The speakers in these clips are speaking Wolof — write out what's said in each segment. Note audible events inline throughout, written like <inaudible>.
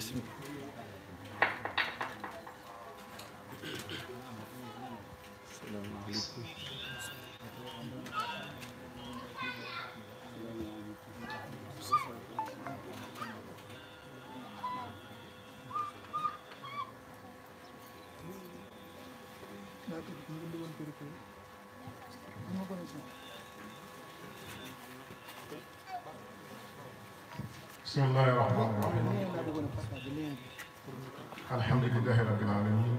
Bismillahirrahmanirrahim. بسم الله الرحمن الرحيم الحمد لله رب العالمين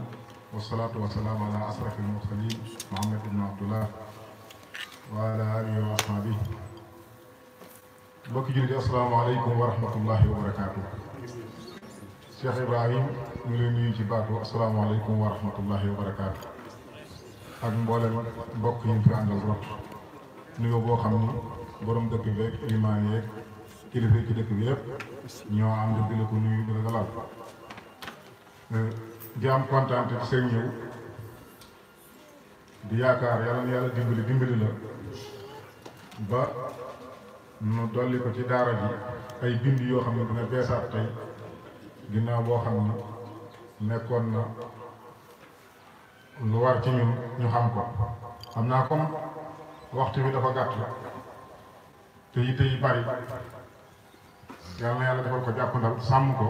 والصلاة والسلام على أشرف المرسلين محمد بن عبد الله وعلى آله وأصحابه بوكي جلد السلام عليكم ورحمة الله وبركاته شيخ إبراهيم مليني جباك السلام عليكم ورحمة الله وبركاته أجمع لما بك ينفع عند الرب نيو بو خمي برم دك بيك إيمانيك kilifa ci dëkk bi yëpp ñoo am di la ko nuyu di dalal euh, di am kontaan ci seen di yaakaar yàlla na yàlla dimbali dimbali la ba nu dolli ko ci daara ji ay bind yoo xam ne dina beesaat tey ginnaaw boo xam ne nekkoon na lu war ci ñun ñu xam ko xam naa ko waxtu bi dafa gàtt te yi yi bari yàlla na yàlla defal ko jàppandal sàmm ko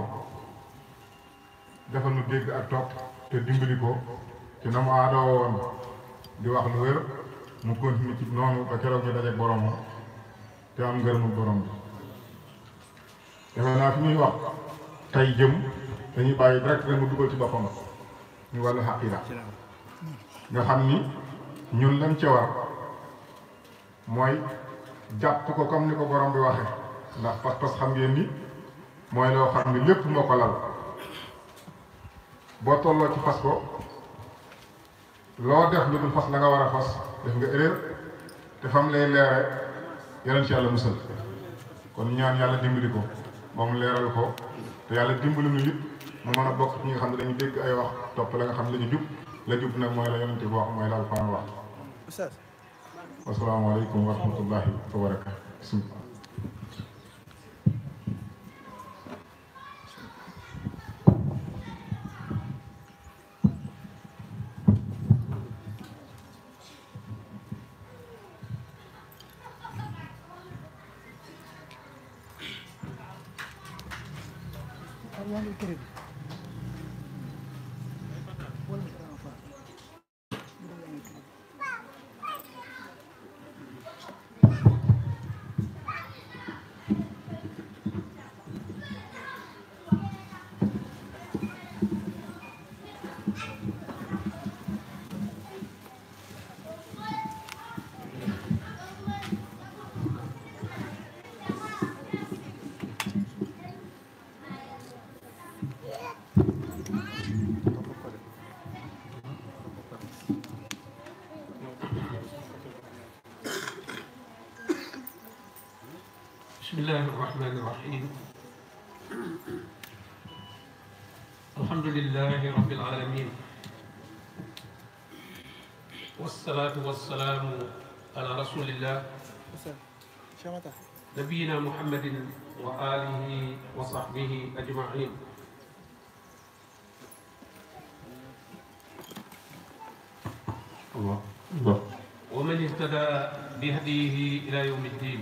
defal nu dégg ak topp te dimbali ko ci na mu aadoo woon di wax lu wér mu continue ci noonu ba keroog ñu dajeeg boromam te am ngërëmul borom bi. defe naa fi muy wax tey jëm dañuy bàyyi direct rek mu ci boppam ñu wàllu xaqiida nga xam ni ñun lañ ca mooy jàpp ko comme ni ko borom bi waxee. ndax pas-pas xam ngeen ni mooy loo xam ni lépp moo ko lal boo tolloo ci fas ko loo def lu dul fas la nga war a fas def nga erreur te fam lay leere yeneen ci yàlla musal kon ñaan yàlla dimbali ko moom leeral ko te yàlla dimbali nu it mu mën a bokk ci nga xam ne dañu dégg ay wax topp la nga xam ne la jub la jub nag mooy la yonente bi wax mooy la alquran wax wasalaamaaleykum wa rahmatullahi wa barakatu bismillah இருக்குது بسم الله الرحمن الرحيم الحمد لله رب العالمين والصلاة والسلام على رسول الله نبينا محمد وآله وصحبه أجمعين ومن اهتدى بهديه إلى يوم الدين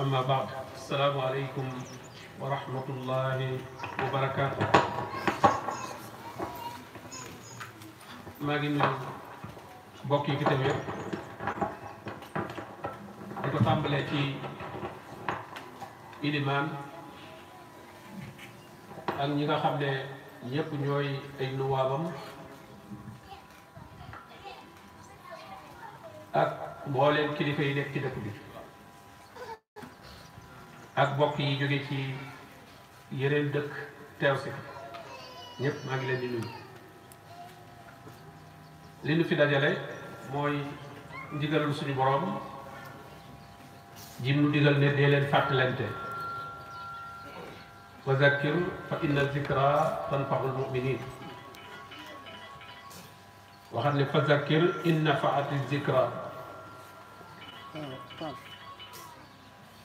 أما بعد السلام عليكم ورحمة الله وبركاته ما قلنا بوكي كتبية أنت تعمل أكي إلمان أن يرحب لي ñepp ñoy ay nuwaabam mbooleem kilifa yi nekk ci dëkk bi ak mbokk yi jóge ci yeneen dëkk teew si ñëpp maa ngi leen di nuyu li nu fi dajale mooy ndigalul suñu borom jim nu ne dee leen fàttalante wa zakkir fa inna zikra tanfaul muminin waxam ne fa zakkir inna faati zikra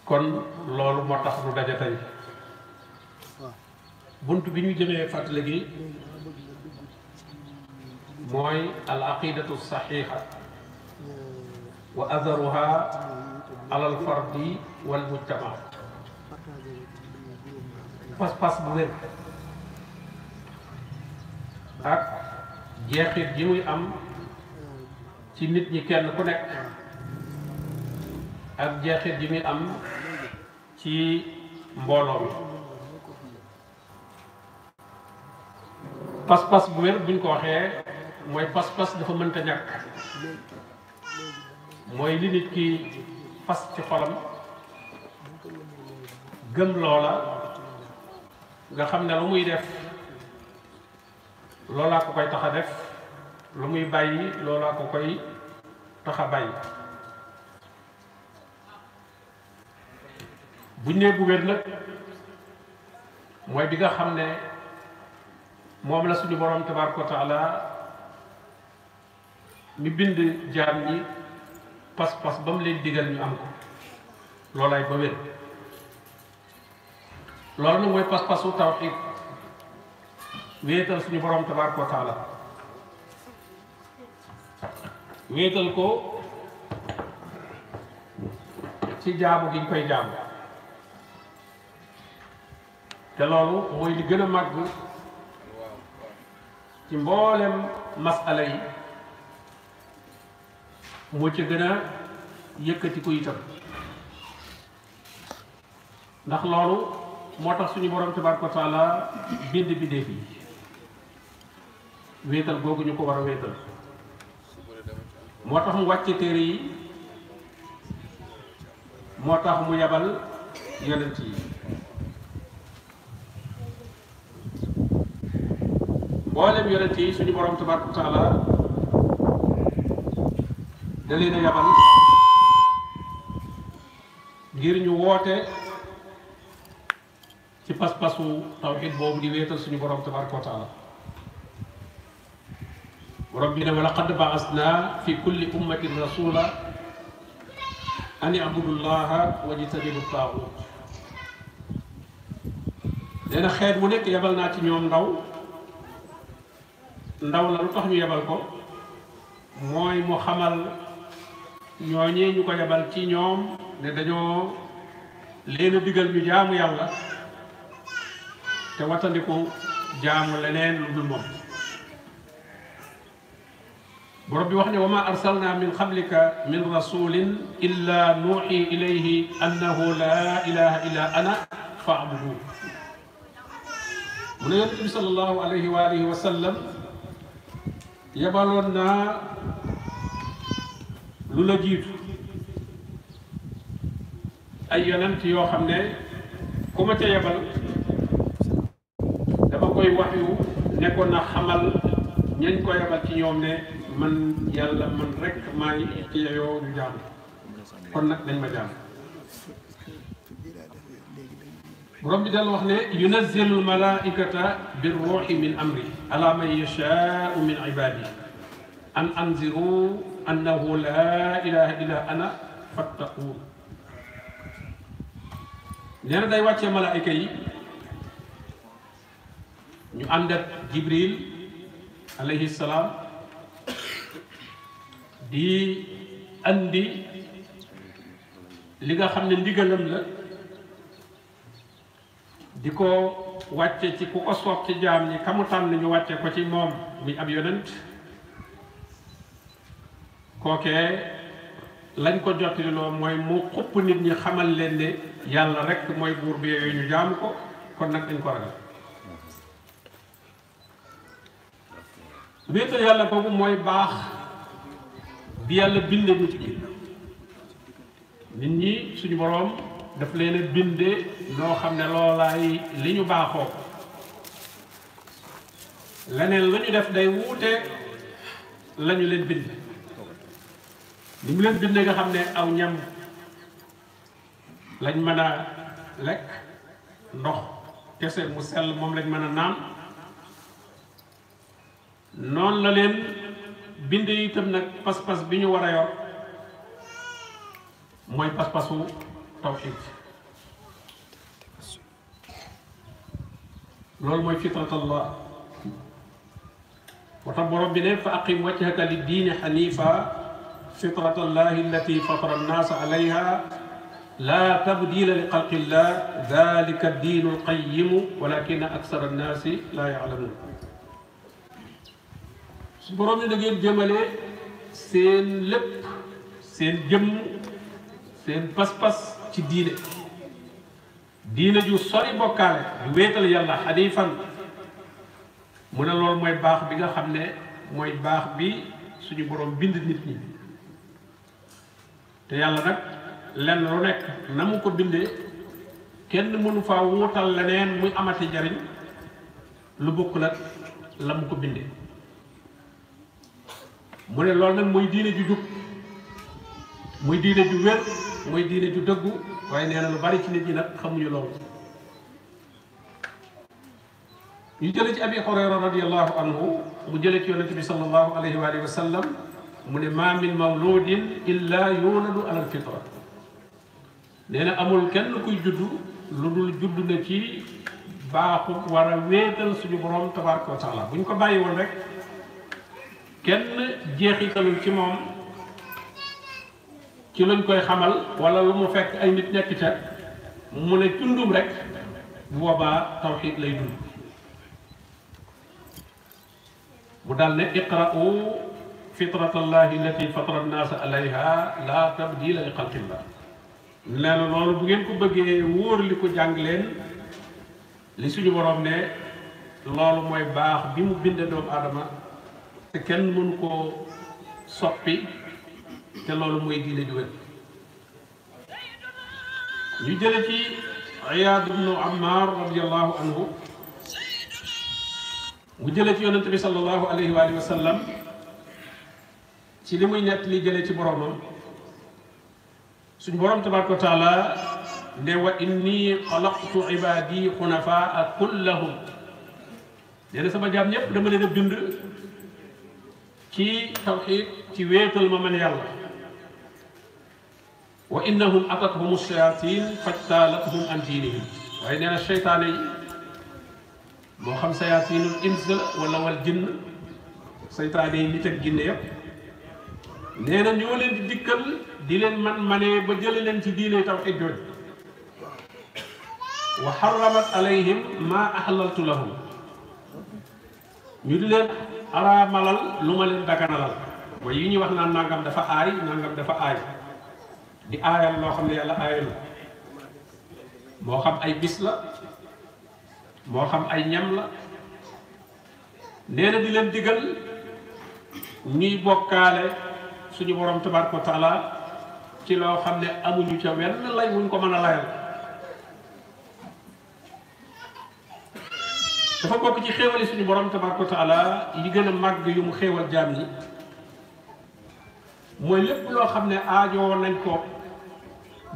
kon loolu moo tax nu daje tey bunt bi ñu jëmee fàttali gi mooy al aqidatu saxiixa wa atharuha alal fardi wal mujtama pas-pas bu wér jeexit ji muy am ci nit ñi kenn ku nekk ak jeexit ji muy am ci mbooloo mi pas-pas bu wér buñ ko waxee mooy pas-pas dafa mënta ñàkk mooy li nit ki ci xolam gëm loola nga xam ne lu muy def loolaa ko koy tax a def lu muy bàyyi loolaa ko koy tax bàyyi buñ nee bu wér nag mooy bi nga xam ne moom la suñu borom tabaaraka wa taala mi bind jaam ñi pas-pas ba mu leen digal ñu am ko loolaay ba wér loolu nag mooy pas-pasu tawxiid wéetal suñu borom tabaaraka wa wéetal ko ci jaamu gi ñu koy jaamu te loolu mooy li gën a màgg ci mboolem masala yi moo ci gën a yëkkati ko itam ndax loolu moo tax suñu borom tabaraka wa taala bind bindee fi wéetal googu ñu ko war a wéetal moo tax mu wàcce téere yi moo tax mu yabal yonent yi xeetu yonent yi suñu borom tabaraka wa taala da leen a yabal ngir ñu woote ci pas-pasu tawxid boobu di wéetal suñu borom tabaraka wa taala borom bi ne wala qad baasna fi kulli ummatin rasula an yabudu llaha wa jitanibu taaxut nee na xeet wu ndaw la lu tax ñu yebal ko mooy mu xamal ñooñee ñu ko yebal ci ñoom ne dañoo leen a digal ñu jaamu yàlla te wattandiku jaamu leneen lu dul moom borom bi wax ne wa ma arsalna min qablika min rasulin illa nuuxi ilayhi annahu la ilaha illa ana faabudu mu ne yonent bi sallallahu alayhi wa alihi wa sallam yebaloon naa lu la jiitu ay yonent yoo xam ne ku ma ca yebal dama koy wax yu nekkoon na xamal ñañ ko yebal ci ñoom ne man yàlla man rek maay ci yeyoo ñu jaam kon nag dañ ma jaam رب دال وخني ينزل الملائكه بالروح من امري على من يشاء من عبادي ان أنزلوا انه لا اله الا انا فاتقون نير داي الملائكة ملائكه جبريل عليه السلام دي اندي ليغا خامني ديغالم لا di ko wacce ci ku osoob ci jaam ñi kamu tànn ñu wàcce ko ci moom muy ab yonent kookee lañ ko jottiloo mooy mu xupp nit ñi xamal leen ne yàlla rek mooy buur bi yooyu ñu jaam ko kon nag dañ ko ragal wéetu yàlla boobu mooy baax bi yàlla bindeñu ci gir nit ñi suñu boroom daf leen a bindee noo xam ne loolaay li ñu baaxoo leneen lu def day wuute la ñu leen bind li mu leen bindee nga xam ne aw ñam lañ mën a lekk ndox kese mu sell moom lañ mën a naan noon la leen bind itam nag pas-pas bi ñu war a yor mooy pas-pasu طوشيت لول موي فطرة الله ورب ربنا فأقم وجهك للدين حنيفا فطرة الله التي فطر الناس عليها لا تبديل لخلق الله ذلك الدين القيم ولكن أكثر الناس لا يعلمون borom ni da ngeen jëmale seen lépp seen jëm seen pas ci diine diine ju sori bokkaale ju wéetal yàlla xanifan mu ne loolu mooy baax bi nga xam ne mooy baax bi suñu borom bind nit ñi te yàlla nag lenn lu nekk na mu ko bindee kenn mënu faa wuutal leneen muy amati jariñ lu bokk la la mu ko bindee mu ne loolu nag muy diine ju jub muy diine ju wér mooy diine ju dëggu waaye nee na lu bari ci nit ñi nag xamuñu loolu ñu jële ci abi hurayra radiallahu anhu mu jële ci yonente bi salallahu alayhi wa alihi wa sallam mu ne ma min mawludin illa yuladu ala alfitra nee na amul kenn kuy juddu lu dul juddu na ci baaxu war a wéetal suñu borom tabaraka wa taala bu ñu ko bàyyi woon rek kenn jeexitalul ci moom ci luñ koy xamal wala lu mu fekk ay nit nekk ca mu ne tundum rek bu boobaa tawxiid lay dund mu daal ne iqra'u fitratallahi allati fatara nnaasa alayha la tabdila li xalqillah nee na loolu bu ngeen ko bëggee wóor li ko jàng leen li suñu boroom ne loolu mooy baax bi mu bindee doomu aadama te kenn mun koo soppi té lolu moy diiné ju wër ñu jële ci ayyad ibn Ammar radiyallahu anhu mu jële ci yonent bi sallallahu alayhi wa sallam ci limuy net li jële ci borom suñ borom tabaraka taala ne wa inni khalaqtu ibadi khunafa'a kullahum dene sama jaam ñep dama leena bind ci tawhid ci wéetal ma man yalla وانهم اتتهم الشياطين فاجتالتهم عن دينهم وعندنا يعني الشيطان مو خمسه ياتين الانس ولا والجن شيطان نيت الجن يا نينا نيولين ديكل دين من من بجل لين في دين التوحيد وحرمت عليهم ما احللت لهم نيولين ارا ملال لوما لين دكانال وي ني واخنا نانغام دا فا اي نانغام دا فا اي di ayal lo xamne yalla ayal mo xam ay bis la mo xam ay ñam la neena di leen digal ñuy bokkaale suñu borom tabaraka taala ci lo xamne amuñu ci wenn lay wuñ ko mëna layal dafa bokk ci xéewali suñu borom tabaraka taala yi gëna mag yu mu xéewal nañ ko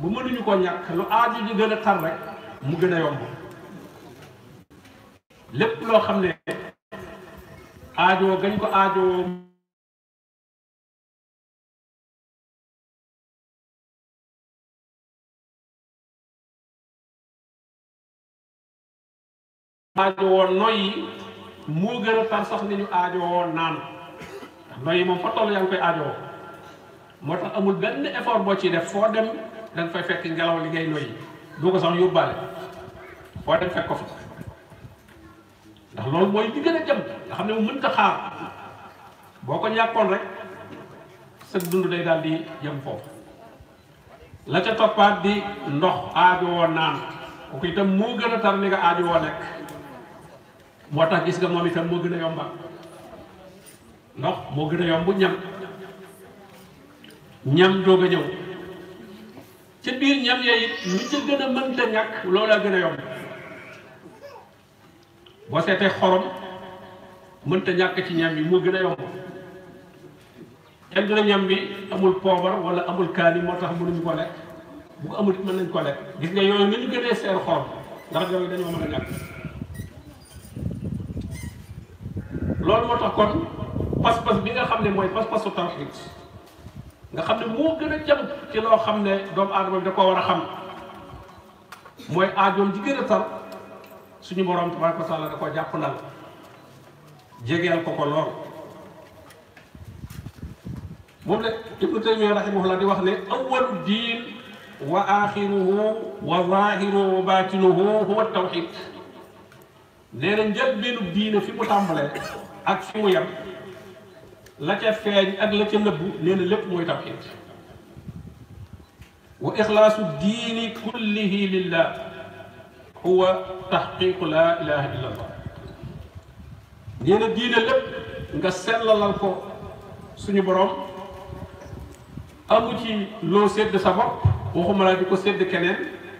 bu mënuñu ko ñàkk lu aaju ji gën a tar mu gën a yomb lépp loo xam ne aajoo gañ ko aajoo aajowoo noyyi moo gën a tar sax ni ñu naan noyyi moom fa toll yaa ngi koy aajowoo moo tax amul benn effort boo ci def foo dem dañ fay fekk ngelaw li ngay noy doo ko sax yobale foo dañ fekk ko fa ndax lool moy di gëna jëm nga xamne ne mën mënta xaar boko ñakkon rek sa dundu day daldi jëm fo la ca toppaat di ndox aaju wo naan ko ko itam mo gëna tar ni nga aaju wo nek motax gis nga moom itam mo gëna yomba ndox mo gëna a yomb ñam ñam doog a ñëw ci biir ñam yooyu it lu ca gën a mënta ñàkk loola gën a yomb boo seetee xorom mënta ñàkk ci ñam yi moo gën a yomb kenn dina ñam bi amul poobar wala amul kaani moo tax mënuñu ko lekk bu ko amul mën nañ ko lekk gis nga yooyu ni gën gënee seer xorom ndax yooyu dañoo mën a ñàkk loolu moo tax kon pas-pas bi nga xam ne mooy pas-pasu tawxiid nga xam ne moo gën a jëm ci loo xam ne doomu aadama bi da koo war a xam mooy aajoom ji gën a tar suñu borom tabaraka wa taala da ko jàpp nal jegeel ko ko lool moom la ibnu taymiya rahimahullah di wax ne awalu diin wa axiruhu wa zahiruhu wa batinuhu huwa tawxid nee na njëlbeenu diine fi mu tàmbalee ak fi mu yem la ca feeñ ak la ca nëbbu nee na lépp mooy tawxiid wa ixlaasu diini kullihi lillah huwa taxqiqu laa ilaha illa allah nee na diine lépp nga sellalal ko suñu borom amu ci loo sédd sa bopp waxuma laa di ko sédd keneen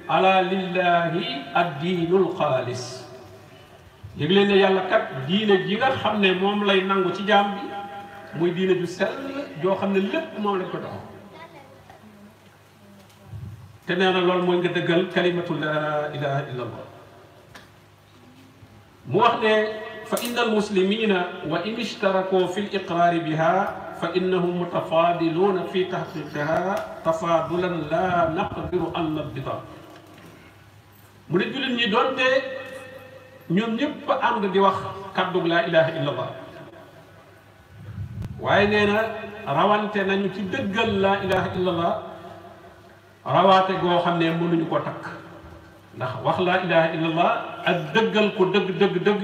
ala lillahi addiinul xaalis yëg leen ne yàlla kat diine ji nga xam ne moom lay nangu ci jaam bi moy diine ju sel jo xamne lépp mom la ko dox te nee na moy nga dëggal kalimatu la ilaha illa allah mu wax ne fa innal muslimina wa in ishtaraku fil iqrar biha fa innahum mutafadiluuna fi tahqiqiha tafadulan la naqdiru an nabdita mu ne jullit ñi donte ñom ñëpp ànd di wax kaddu la ilaha illa allah waaye nee na rawante nañu ci dëggal laa ilaha illallah rawaate goo xam ne mënuñu ko takk ndax wax laa ilaha illallah ak dëggal ko dëgg dëgg dëgg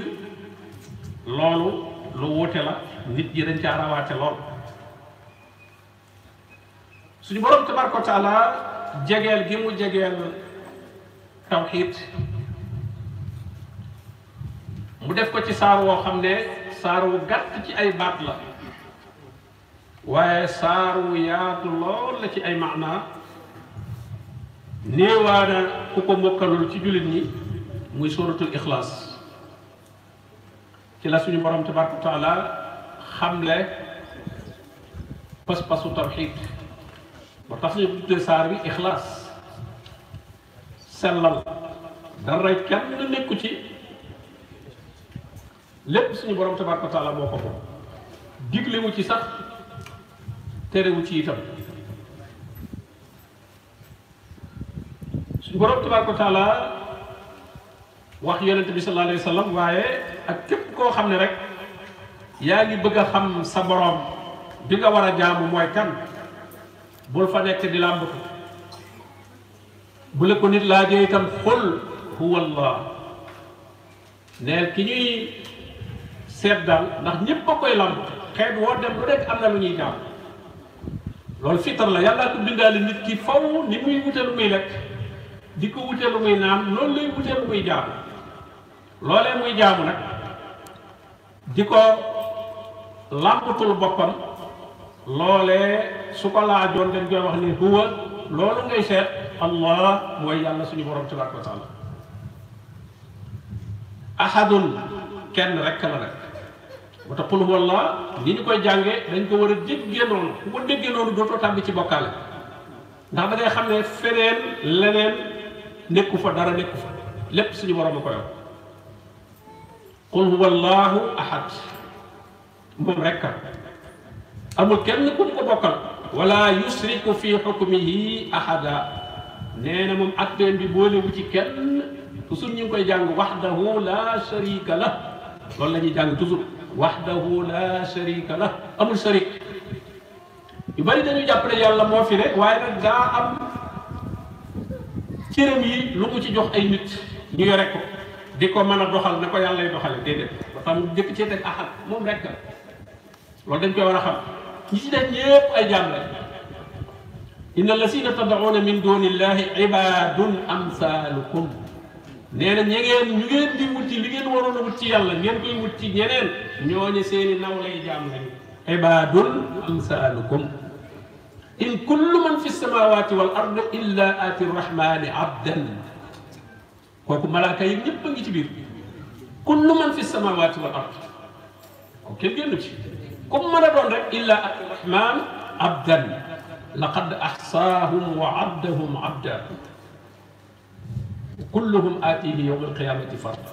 loolu lu wuute la nit yi dañ ca rawaate lool suñu borom tabaraka wa taala jegeel gi mu jegeel tawxiid mu def ko ci saar woo xam ne saar wu gàtt ci ay baat la waaye saar wu yaatu lool la ci ay maanaa néewaana ku ko mokkalul ci jullit ñi muy suratul ixlaas ci la suñu borom tabaraka wa taala xamle pas-pasu tawxid ba tax ñu tuddee saar bi ixlaas sellal dara kenn nekku ci lépp suñu borom tabaraka wa taala moo ko moom digle wu ci sax terewu ci itam su borom tabaaraka wa wax yonent bi sallallahu alayhi wa waaye ak képp koo xam ne rek yaa ngi bëgg a xam sa boroom bi nga war a jaamu mooy kan bul fa nekk di làmb ko bu la ko nit laajee itam xul huwa allah neel ki ñuy seet daal ndax ñépp a koy làmb xeet woo dem lu nekk am na lu ñuy jaamu lol fitan la yalla ko bindal nit ki faw ni muy wutel muy lek diko wutel muy nan lol lay wutel muy jaamu lolé muy jaamu nak diko lambatul bopam lolé suko la ko den koy wax ni huwa lolou ngay seet allah moy yalla suñu borom tabaraka taala ahadun kenn rek la rek wata wala ni ni koy jàngee dañ ko wara a non ko ko ko non do to tàbbi ci bokal ndax da ngay xam feneen leneen nekku fa dara nekku fa lépp suñu borom ko yow qul huwallahu ahad mom rek amul kenn ku ko bokal wala yusriku fi hukmihi ahada neena mom atten bi wu ci kenn suñu ngi koy jang wahdahu la sharika la lol lañu jang toujours وحده لا شريك له امر شريك يبالي دانيو جابلي يالله مو في ريك واي نك دا ام تيرم يي لوكو سي جوخ اي نيت ني يوري كو ديكو مانا دوخال نكو يالله يدوخال ديدت با فام ديك سي تك احد موم ريك لو دنج كو ورا خام كي سي دنج ييب اي جامل ان الذين تدعون من دون الله عباد امثالكم nee na ña ngeen ñu ngeen di wut ci li ngeen waroon a wut ci yàlla ngeen koy wut ci ñeneen ñooñu seeni naw lay jaam lañu ibadun amsalukum in kullu man fi samawati wal ard illa ati rrahmani abdan kooku malaaka yi ñëpp a ngi ci biir kullu man fi samawati wal ard ko kenn génn ci comme mën a doon rek illa ati rrahman abdan laqad ahsaahum wa abdahum abda kulluhum aatihi yawmal qiyaamati farda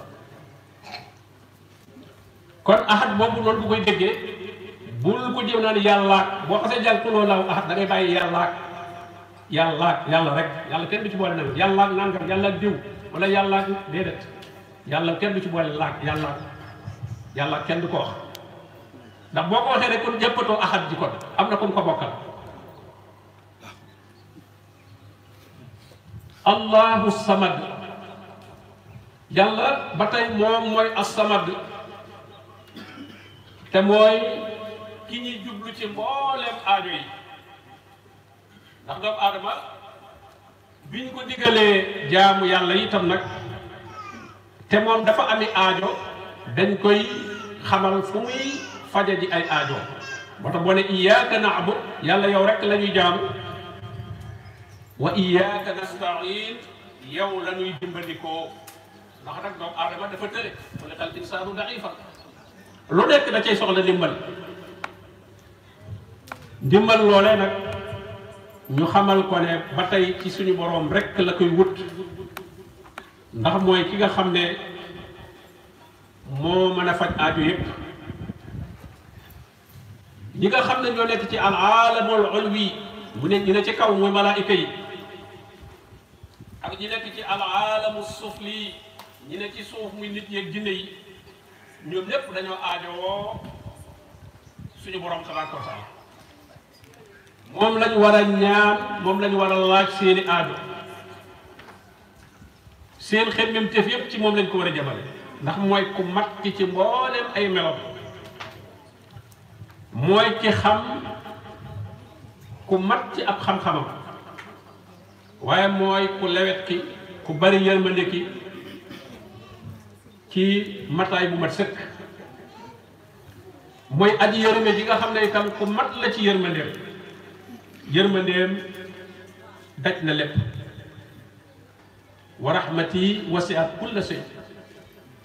kon ahad boobu noonu bu koy déggee bul ko jëm naan yàllaak boo xasee jàng kuloo law ahad da ngay bàyyi yàllaak yàllaak yàlla rek yàlla kenn ci boole nag yàllaak nangam yàllaak diw wala yàllaak déedéet yàlla kenn du ci boole laak yàllaak yàllaak kenn du ko wax ndax boo ko waxee rek kon jëppatoo ahad ji kon am na ku ko bokkal allahu samad yàlla ba tey moom mooy assamad te mooy ki ñuy jublu ci mbooleem aajo yi ndax doomu aadama bi ñu ko diggalee jaamu yàlla itam nag te moom dafa ami aajo dañ koy xamal fu muy ji ay aajo moo tax boo ne iyyaka na'budu yàlla yow rek lañuy ñuy jaamu wa iyyaka nasta'in yow la dimbandikoo ndax nag doomu aadama dafa tële wala xal insaanu daifa lu soxla ndimbal ñu xamal ko ne ba tey ci suñu boroom rekk la koy wut ndax mooy ki nga xam ne moo mën a faj aaju yépp ñi nga xam ne ñoo nekk ci al aalamul ulwi mu ne ñu ne ci kaw mooy malaayika yi ak ñi nekk ci al aalamu sufli ñi ne ci suuf muy nit yeeg jinne yi ñoom ñépp dañoo aajowoo suñu borom tabaaraka wa taala moom lañu war a ñaan moom lañu war a laaj seeni aajo seen xemmem tëf yépp ci moom lañ ko war a jabale ndax mooy ku mat ki ci mbooleem ay melo mooy ki xam ku mat ci ab xam-xamam waaye mooy ku lewet ki ku bari yërmande ki ci mataay bu mat sëkk mooy aji yërëme ji nga xam ne itam ku la ci yërmandeem yërmandeem daj na lépp wa rahmati wasi'at kulla shay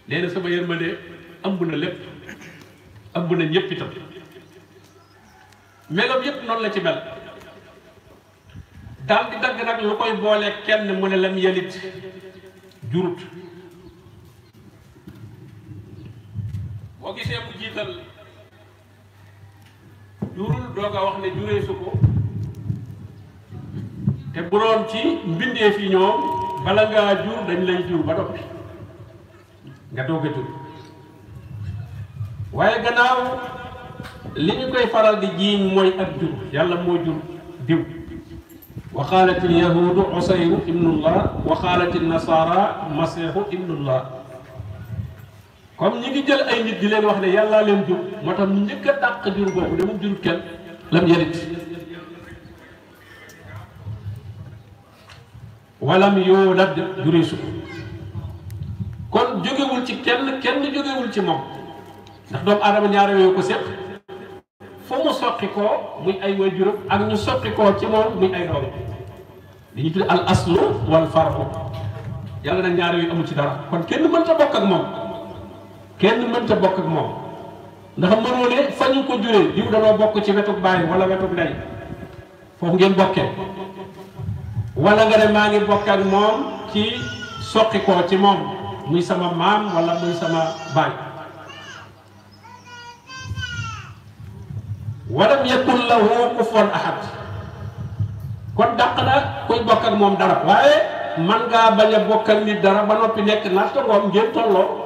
nee na sama yërmande ëmb na lépp ëmb na ñëpp itam meloom yëpp noonu la ci mel daal di dagg nag lu koy boole kenn mu ne lam yelit jurut boo gisee mu jiital jurul doog a wax ne jureesu ko te bu ci mbindeef yi ñoom bala ngaa jur dañ lay jur ba noppi nga doog jur waaye gannaaw li ñu koy faral di jiiñ mooy ak jur yàlla moo jur diw wa qaalat ilyahudu usayru ibnullah wa qaalat ilnasara masihu ibnullah comme ñi ngi jël ay nit di leen wax ne yàllaa leen jur moo tax ñu njëkk a dàq jur boobu dama jurut kenn lam yalit yu yuulad jurisu kon jógewul ci kenn kenn jógewul ci moom ndax doomu aadama ñaar yooyu ko séq fu mu soqi koo muy ay waajuram ak ñu soqi koo ci moom muy ay doom li ñu tudd al aslu wal farqu yàlla na ñaar yooyu amul ci dara kon kenn mënta bokk ak moom kenn mënta bokk ak moom ndax mënoo ne fa ñu ko juree diw danoo bokk ci wetuk baay wala wetuk ndey foofu ngeen bokkee wala nga ne maa ngi bokk ak moom ci soqi ko ci moom muy sama maam wala muy sama baay walam yakun lahu kufuwan ahad kon dàq na kuy bokk ak moom dara waaye man ngaa bañ bokk ak nit dara ba noppi nekk naxta ngoom ngeen tolloo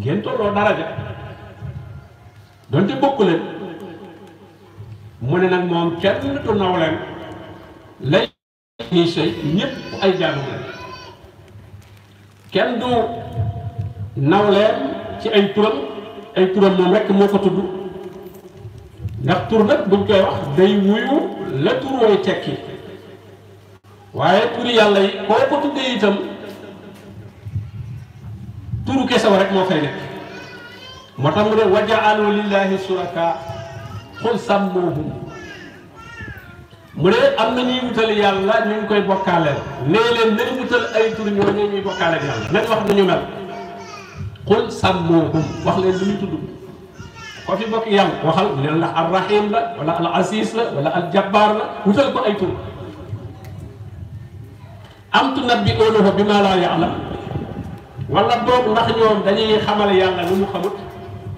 ngeen tolloo daraja doonte bokk leen mu ne nag moom kenn du naw lay ñuy sëy ñëpp ay jaamu leen kenn du naw leen ci ay turam ay turam moom rekk moo ko tudd ndax tur nag buñ koy wax day wuyu la tur wooy tekki waaye turi yàlla yi koo ko tuddee itam turu kese wa rek moo fay moo tax mu ne wa ja'alu lillahi suraka xul sàmmoohum mu ne am na ñuy wutal yàlla ñu ngi koy bokkaaleel nee leen nañ wutal ay tur ñooñu ñuy bokkaaleeg yàlla nañ wax nañu mel xul sàmmoohum wax leen lu ñu tudd fi bokk yàlla waxal ne la al rahim la wala al asis la wala al jabbar la wutal ko ay tur am tunabbi'uunahu bimaa laa ya'lam wala boog ndax ñoom dañuy xamal yàlla lu mu xamut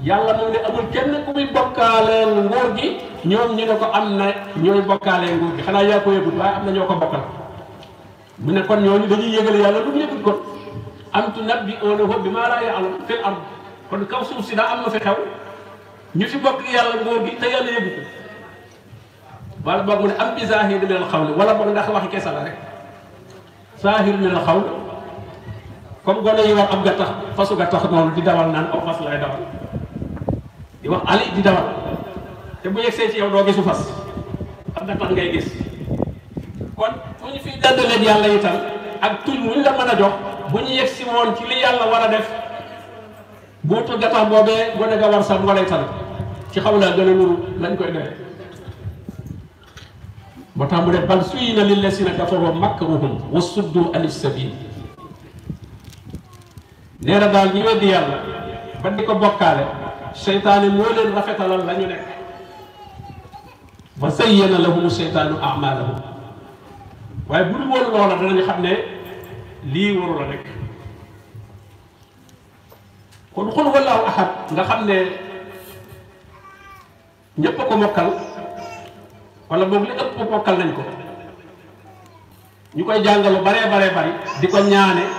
yàlla moom ne amul kenn ku muy bokkaaleel nguur gi ñoom ñu ne ko am na ñooy bokkaalee nguur gi xanaa yaa ko yëgut waaye am na ñoo ko bokkal mu ne kon ñooñu dañuy yëgal yàlla lu mu yëgut kon am tu nab bi onoho bi maa laa ya'lam fil ard kon kaw suuf si daa am na fi xew ñu fi bokk yàlla nguur gi te yàlla yëgut ko boog mu ne am bi zaahir min al xawl wala boog ndax waxi kese la rek zaahir min comme gone yi war am gattax fasu gattax noonu di dawal naan aw fas lay dawal di wax ali di dawal te bu yegsee ci yow doo gisu fas am gattax ngay gis kon fu ñu fiy dandaleeg yàlla itam ak tuñ wuñ la mën a jox bu ñu yegsi woon ci li yàlla war a def buutu gattax boobee gone nga sax ngolay tal ci xaw naa gën a lañ koy defee moo tax mu ne bal suyina lillazina kafaru makruhum wa suddu anis sabil nee na daal ñi weddi yàlla ba di ko bokkaale seytaane moo leen rafetalal la ñu nekk wa zayyana lahumu seytaanu amalahum waaye bu dul woon loola danañu xam ne lii waru la nekk kon xul wallaahu ahad nga xam ne ñëpp ko mokkal wala boog li ëpp mokkal nañ ko ñu koy jàngalu baree baree bari di ko ñaane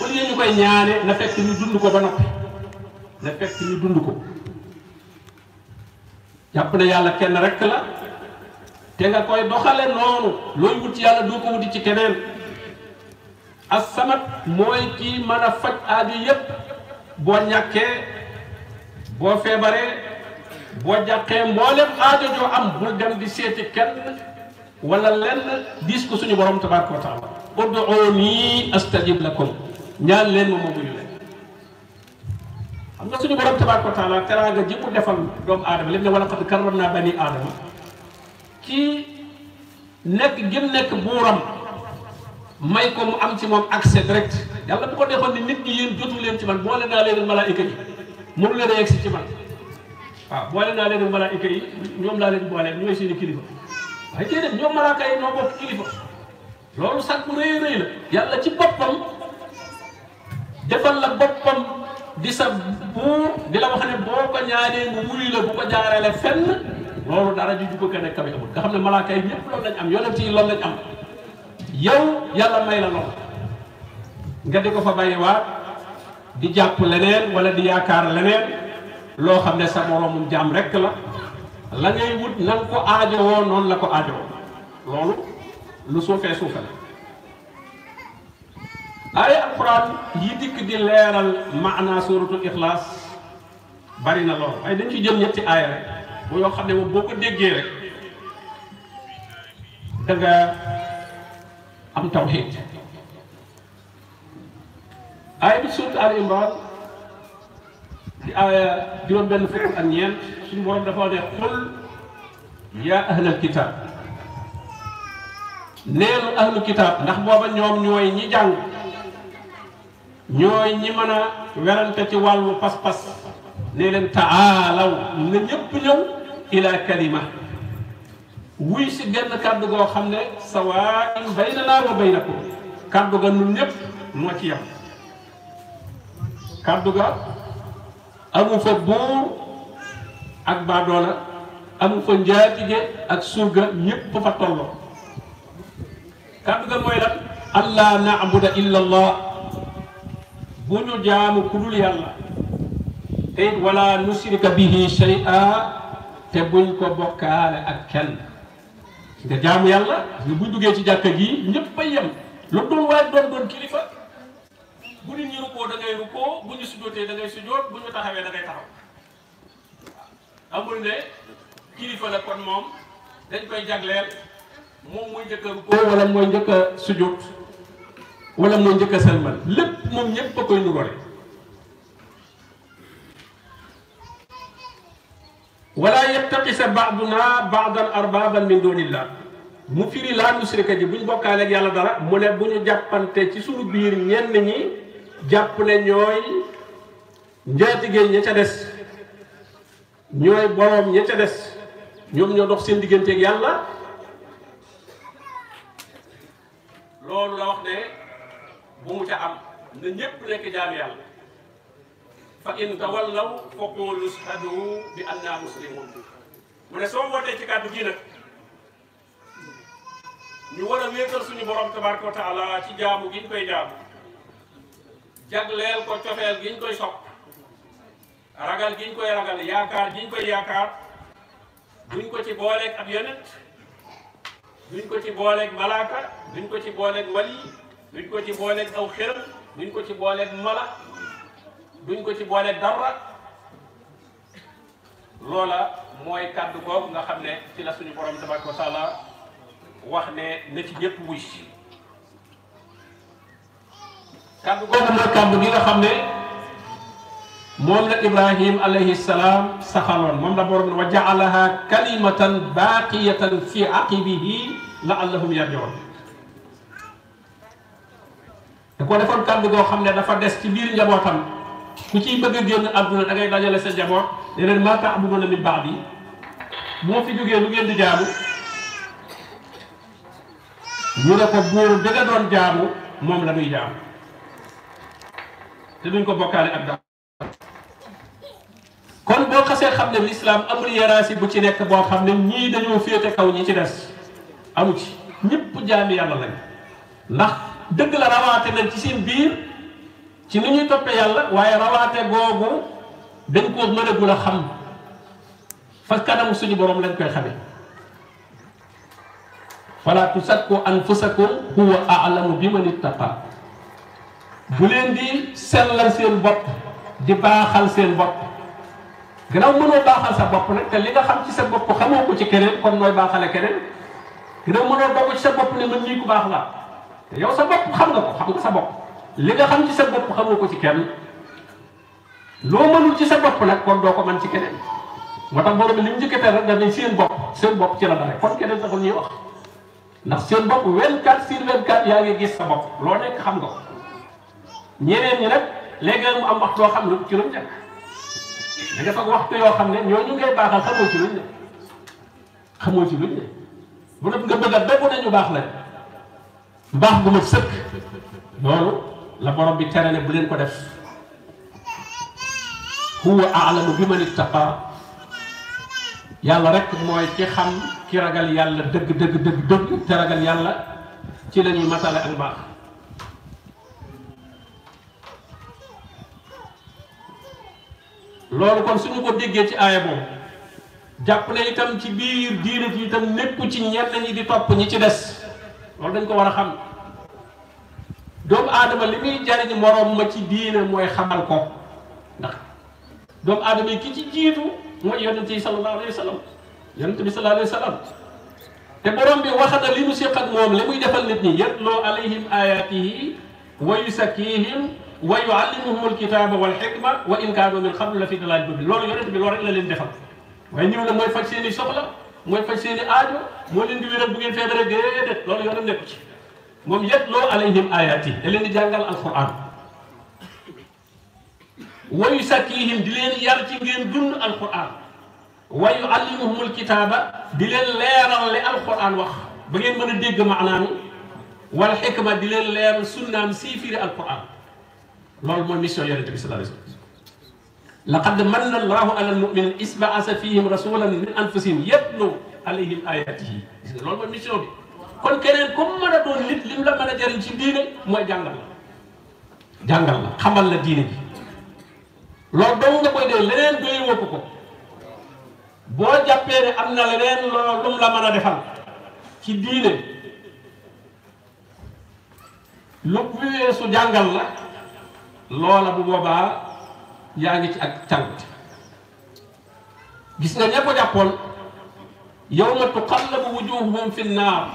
au lieu ñu koy ñaane na fekk ñu dund ko ba noppi na fekk ñu dund ko jàpp ne yàlla kenn rek la te nga koy doxale noonu looy wut yàlla doo ko wuti ci keneen as-samad mooy kii mën a faj aaju yépp boo ñàkkee boo feebaree boo jàqee mboolem aajo joo am bul dem di seeti kenn wala lenn diis ko suñu borom tabaaraka wa ud'uuni astajib lakum ñaan leen ma ma wuyu leen xam nga suñu borom tabaaraka te taala teraanga ji mu defal doomu aadama lim ne wala qad karramnaa bani aadama nekk gim nekk buuram may ko mu am ci moom accès direct yàlla bu ko defoon ni nit ñi yéen jotu leen ci man boole naa leen malaayika yi mënu leen a yegsi ci man waaw boole naa leen malaayika yi ñoom laa leen boole ñooy seeni kilifa waaye déedéet ñoom malaaka yi ñoo bokk kilifa loolu sàkku rëy rëy la yàlla ci boppam defal la boppam di sa buur di la wax ne boo ko ñaanee mu wuyu la bu ko jaarale fenn loolu dara ju ko gën a kawe nga xam ne malaaka yi ñëpp loolu am yonent yi loolu lañ am yow yàlla may la lool nga di ko fa bàyyiwaat di jàpp leneen wala di yaakaar leneen loo xam ne sa moroomum jaam rek la la ngay wut nan ko aajowoo noonu la ko aajowoo loolu lu suufee suufe la ay alquran yi dikk di leeral maanaa suratul ixlaas bari na lool waaye dañ ci jël ñetti aaya rek bu yoo xam ne moom boo ko déggee rek da am tawxiid aaya bi surat al imran di aaya juróom benn fukk ak ñeent suñu borom dafa wax ne qul yaa ahlal kitaab neenu ahlu kitaab ndax booba ñoom ñooy ñi jàng ñooy ñi mën a werante ci wàllu pas-pas ne leen taalaw na ñëpp ñëw ila kalima wuy si genn kàddu goo xam ne sawaa'in baynanaa wa baynakum kàddu ga nun ñëpp moo ci yem kàddu ga amu fa buur ak baadoola amu fa njaatige ak surga ñëpp fa tolloo kàddu ga mooy lan allah naabuda illa allah bu ñu jaamu kudul yàlla te it wala nusrika bihi shay'a te buñ ko bokkaale ak kenn nga jaamu yàlla ñu buñ duggee ci jàkka gi ñëpp a yem lu doon waaye doon doon kilifa bu nit ñi rukkoo da ngay rukkoo bu ñu sujootee da ngay sujoot bu ñu taxawee da ngay taxaw amul ne kilifa la kon moom dañ koy jagleel moom mooy njëkk a ko mooy njëkk a sujjóot wala mooy njëkk a lépp moom ñëpp a koy nurale wala yattaqisa baaduna baadan arbaban min dunillah mu firi laa nusrika ji bu ñu yàlla dara mu ne bu ñu jàppante ci suñu biir ñenn ñi jàpp ne ñooy njaatigéey ña ca des ñooy boroom ña ca des ñoom ñoo dox seen digganteek yàlla loolu la wax ne bu mu ca am na ñépp nekk jaam yàlla fa in tawallaw fa qulu ashhadu bi anna muslimun mu ne soo wootee ci kàddu gi nag ñu war a wéetal suñu borom tabaraka wa taala ci jaamu gi ñu koy jaamu jagleel ko cofeel gi ñu koy sopp ragal gi ñu koy ragal yaakaar gi ñu koy yaakaar duñ ko ci booleeg ab yonent duñ ko ci booleeg malaaka duñ ko ci booleeg wali duñ ko ci booleeg aw xéram duñ ko ci booleeg mala duñ ko ci booleeg dara loola mooy kàddu googu nga xam ne ci la suñu borom tabaraka wa taala wax ne na ci ñëpp wuy kàddu googu mooy kàddu gi nga xam ne moom la ibrahim alayhi saxaloon moom la borom wa jaalaha kalimatan baaqiyatan fi aqibihi laallahum yarjiun ko defoon kàddu goo xam ne dafa des ci biir njabootam ku ciy bëgg a génn àdduna da ngay dajale sa njaboot ne leen maa ta'buduuna min ba'di moo fi jógee lu ngeen di jaamu ñu ne ko buur bi doon jaamu moom la muy jaamu te duñ ko bokkaale ak dara kon boo xasee xam ne l'islam amul hiérarchie bu ci nekk boo xam ne ñii dañoo féete kaw ñi ci des amu ci ñëpp jaami yàlla lañ ndax dëgg la rawaate na ci seen biir ci ni ñuy toppee yàlla waaye rawaate googu dañ koo mënagul a xam fa kanamu suñu boroom lañ koy xamee fala tusakku anfusakum huwa a'lamu bi man ittaqa bu leen di sellal seen bopp di baaxal seen bopp gannaaw mënoo baaxal sa bopp nag te li nga xam ci sa bopp xamoo ko ci keneen kon nooy baaxale keneen gannaaw mënoo bokk ci sa bopp ne mën nii ku baax la te yow sa bopp xam nga ko xam nga sa bopp li nga xam ci sa bopp xamoo ko ci kenn loo mënul ci sa bopp nag kon doo ko mën ci keneen moo tax borom li mu njëkk a tere dañ ne seen bopp seen bopp ci la bare kon keneen taxul ñuy wax ndax seen bopp 24 sur 24 yaa ngi gis sa bopp loo nekk xam nga ko ñeneen ñi nag léegi mu am wax doo xam lu ci lu njëkk da nga waxtu yoo xam ne ñooñu ngay baaxal xamoo ci luñ ne xamoo ci luñ ne bu def nga bëgg a dégg nañu baax la baax bu ma sëkk loolu la borom bi tere ne bu leen ko def huwa aalamu bi man ittaqa yàlla rek mooy ki xam ki ragal yàlla dëgg dëgg dëgg dëgg ragal yàlla ci la ñuy matale ak baax lolu kon suñu ko déggé ci aaya boobu japp né itam ci biir diiné ci itam nepp ci ñenn lañu di top ñi ci dess lolu dañ ko wara xam doomu li muy morom ma ci diiné moy xamal ko ndax doomu aadama ki ci jitu moy yonent sallallahu alayhi wasallam sallam yonent bi sallallahu alayhi wasallam sallam borom bi waxata li ak mom li muy defal nit ñi yatloo alayhim ayatihi wa yusakkihim ويعلمهم الكتاب والحكمه وان كانوا من قبل لفي ضلال مبين لولو يونت بي لورا الا لين ديفال واي نيو لا موي فاج سيني سوخلا موي فاج سيني اديو مو لين دي ويرب بوغين فيدر ديد لولو يونت نيكو سي موم يتلو عليهم اياتي لين دي جانغال القران ويسكيهم دي لين يار سي نين دوند القران ويعلمهم الكتاب دي لين ليرال لي القران واخ بوغين معناني والحكمه دي لين لير سنام سيفير loolu mooy mission yonente bi sallallahu alayhi wa sallam laqad manna allahu ala almuminina is baasa fihim rasulan min anfusihim yatlu alayhim ayatihi gis nga loolu mooy mission bi kon keneen comme mën a doon nit lim la mën a jëriñ ci diine mooy jàngal la jàngal la xamal la diine bi loolu dong nga koy dee leneen doy wëpp ko boo jàppee ne am na leneen loolu lum la mën a defal ci diine lu weesu jàngal la loola bu boobaa yaa ngi ci ak càngat gis nga ña ko jàppoon yawma tuqallabu wujuhuhum fi nnaar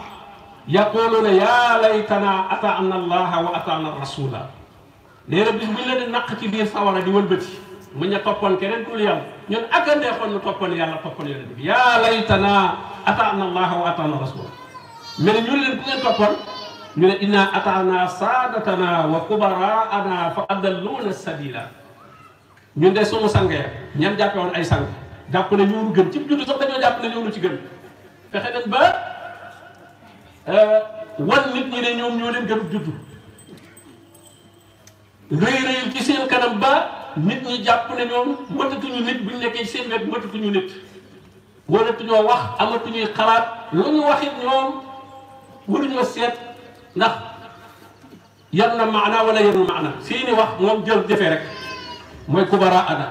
yaquluuna yaa laytana ataana allaha wa ataana rasula nee na bis buñ leen di naq ci biir sawara di wëlbati mu ña toppoon keneen dul yàlla ñun ak a neexoon ñu toppoon yàlla toppoon yonent bi yaa laytana ataana allaha wa ataana rasula mais ñun leen ku ngeen toppoon ñu ne inna ataana saadatana wa kubaraana fa adalluuna sabila ñun de sunu sang ya ñan woon ay sang jàpp ne ñoonu gën ci juddu sax ci gën fexe nañ ba euh, wan nit ñi ne ñoom ñoo leen gën juddu rëy rëyul ci seen kanam ba nit ñi jàpp ne ñoom mëtatuñu nit buñ nekkee seen wet mëtatuñu nit waratuñoo wax amatuñuy xalaat lu ñu waxit ñoom seet ndax yal na maanaa wala yal na maanaa wax moom jël jëfee rek mooy kubara ana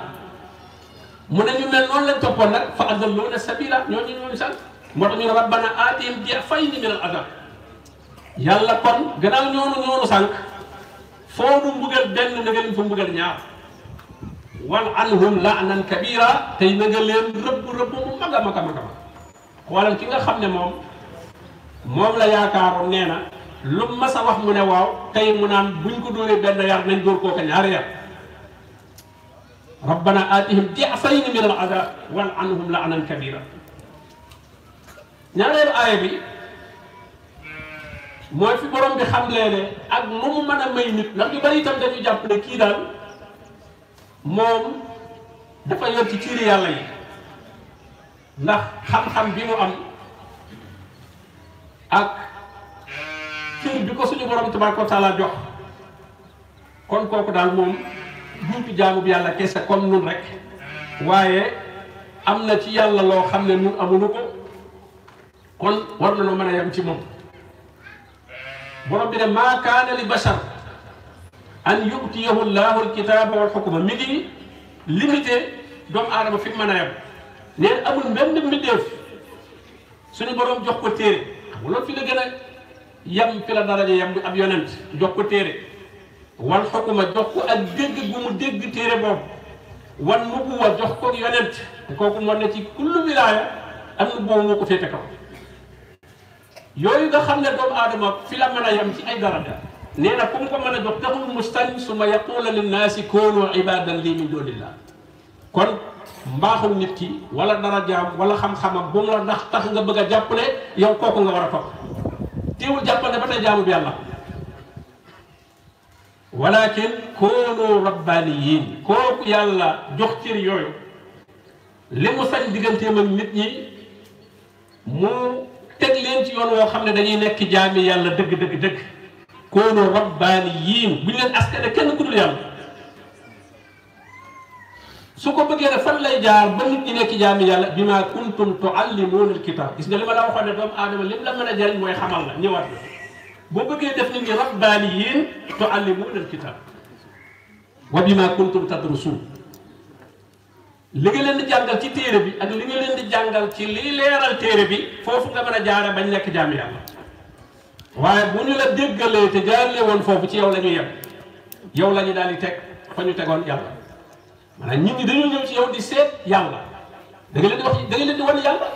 mu ne ñu mel noonu lañ toppoon nag fa adalluuna sabila ñooñu ñooñu sax moo tax ñu ne rabbana aatihim di'fayni min al adab yàlla kon gannaaw ñoonu ñoonu sànq foo mu mbugal benn na nga leen mbugal ñaar wal anhum laanan kabira tey na nga leen rëbb rëbb bu a mag ki nga xam ne moom moom la yaakaaroon nee na lu mas a wax mu ne waaw tey mu naan buñ ko dóoree benn yar nañ dóor kooka ñaari yar rabbana aatihim di'fayni min al adab wal anhum la'nan kabira ñaareelu aaya bi mooy fi borom bi xam lee ak nu mu mën a may nit ndax ñu bari itam dañu jàpp ne kii daal moom dafa yor ci ciiri yàlla yi ndax xam-xam bi mu am ak cër bi ko suñu borom tabaaraka wa jox kon kooku daal moom duutu jaamu bi yàlla kese comme nun rek waaye am na ci yàlla loo xam ne nun amuñu ko kon war na noo mën a yem ci moom borom bi ne maa kaana li bashar an yu'tiyahu llahu alkitaaba wal mi ngi limité doomu aadama fi mën a yem neen amul benn mbindeef suñu borom jox ko téere xam loolu fi la gën a yam fi la daraja yam bi ab yonent jox ko téere wan xukuma jox ko ak gu mu dégg téere boobu wan nubuwa jox ko yonent kooku moo ne ci kullu wilaaya am nu boobu moo ko féete kaw yooyu nga xam ne doomu aadama fi la mën a yam ci ay daraja nee na ku mu ko mën a jox taxul mustan suma yaqula linnaasi koonu ibadan lii min dunillah kon mbaaxul nit ki wala darajaam wala xam-xamam bu mu la ndax tax nga bëgg a jàpp ne yow kooku nga war topp teewul jàppal ne ba tey jaamu bi yàlla walakin koonoo rabbaniyin kooku yàlla jox cër yooyu li mu sañ digganteem ak nit ñi mu teg leen ci yoon woo xam ne dañuy nekk jaami yàlla dëgg dëgg dëgg koonoo rabbaniyin bu ñu leen askane kenn ku dul yàlla su ko bëggee ne fan lay jaar ba nit ñi nekk jaami yàlla bi ma kuntum tuallimuuna alkitab gis nga li ma la waxoon ne doomu aadama lim la mën a jëriñ mooy xamal la ñëwaat la boo bëggee def nit ñi rabbaaniyiin tuallimuuna alkitab wa bi ma kuntum tadrusuun li nga leen di jàngal ci téere bi ak li nga leen di jàngal ci lii leeral téere bi foofu nga mën a jaare bañ nekk jaami yàlla waaye bu ñu la déggalee te jaarale woon foofu ci yow la ñu yem yow la ñu daal di teg fa ñu tegoon yàlla maanaam nit ñi dañoo ñëw ci yow di seet yàlla da nga leen di wax da nga leen di wan yàlla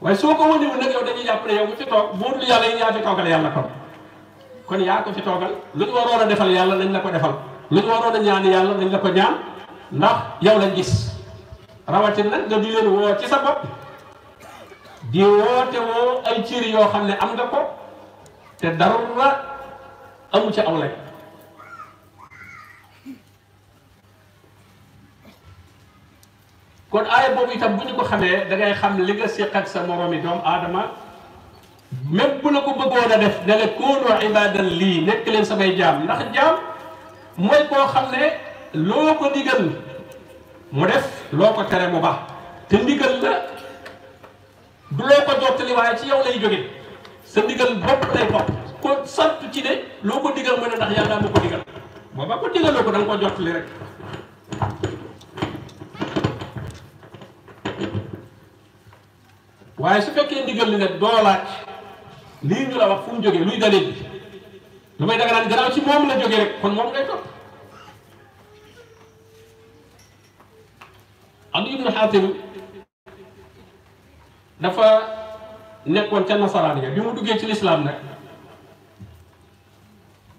waaye soo ko dañuy jàpp ne yow ku fi toog boo dul yàlla yi yaa kon kon yaa ko fi toogal lu ñu waroon a defal yàlla nañ la ko defal lu ñu waroon a ñaan yàlla nañ la ko ñaan ndax yow lañ gis rawatin nag nga di leen woo ci sa bopp di woote woo ay cër yoo xam ne am na ko te dara amu ci aw lay kon aaya boobu itam bu ñu ko xamee da ngay xam li nga séq ak sa moromi doomu aadama même bu la ko bëggoon def ne la koonu ibadan lii nekk leen samay jaam ndax jaam koo xam ne loo ko digal mu loo ko tere mu baax te ndigal la du ko jottali waaye ci yow lay jóge sa ndigal bopp lay sant ci ne loo ko digal mu ne ndax yàlla ma ko digal booba rek waaye su fekkee ndigal li ne doo laaj lii ñu la wax fu mu luy dalil lu may daga naan gannaaw ci moom la jógee kon moom ngay topp Adi ibnu Xaatim dafa nekkoon ca nasaraan ya bi mu duggee ci lislaam nag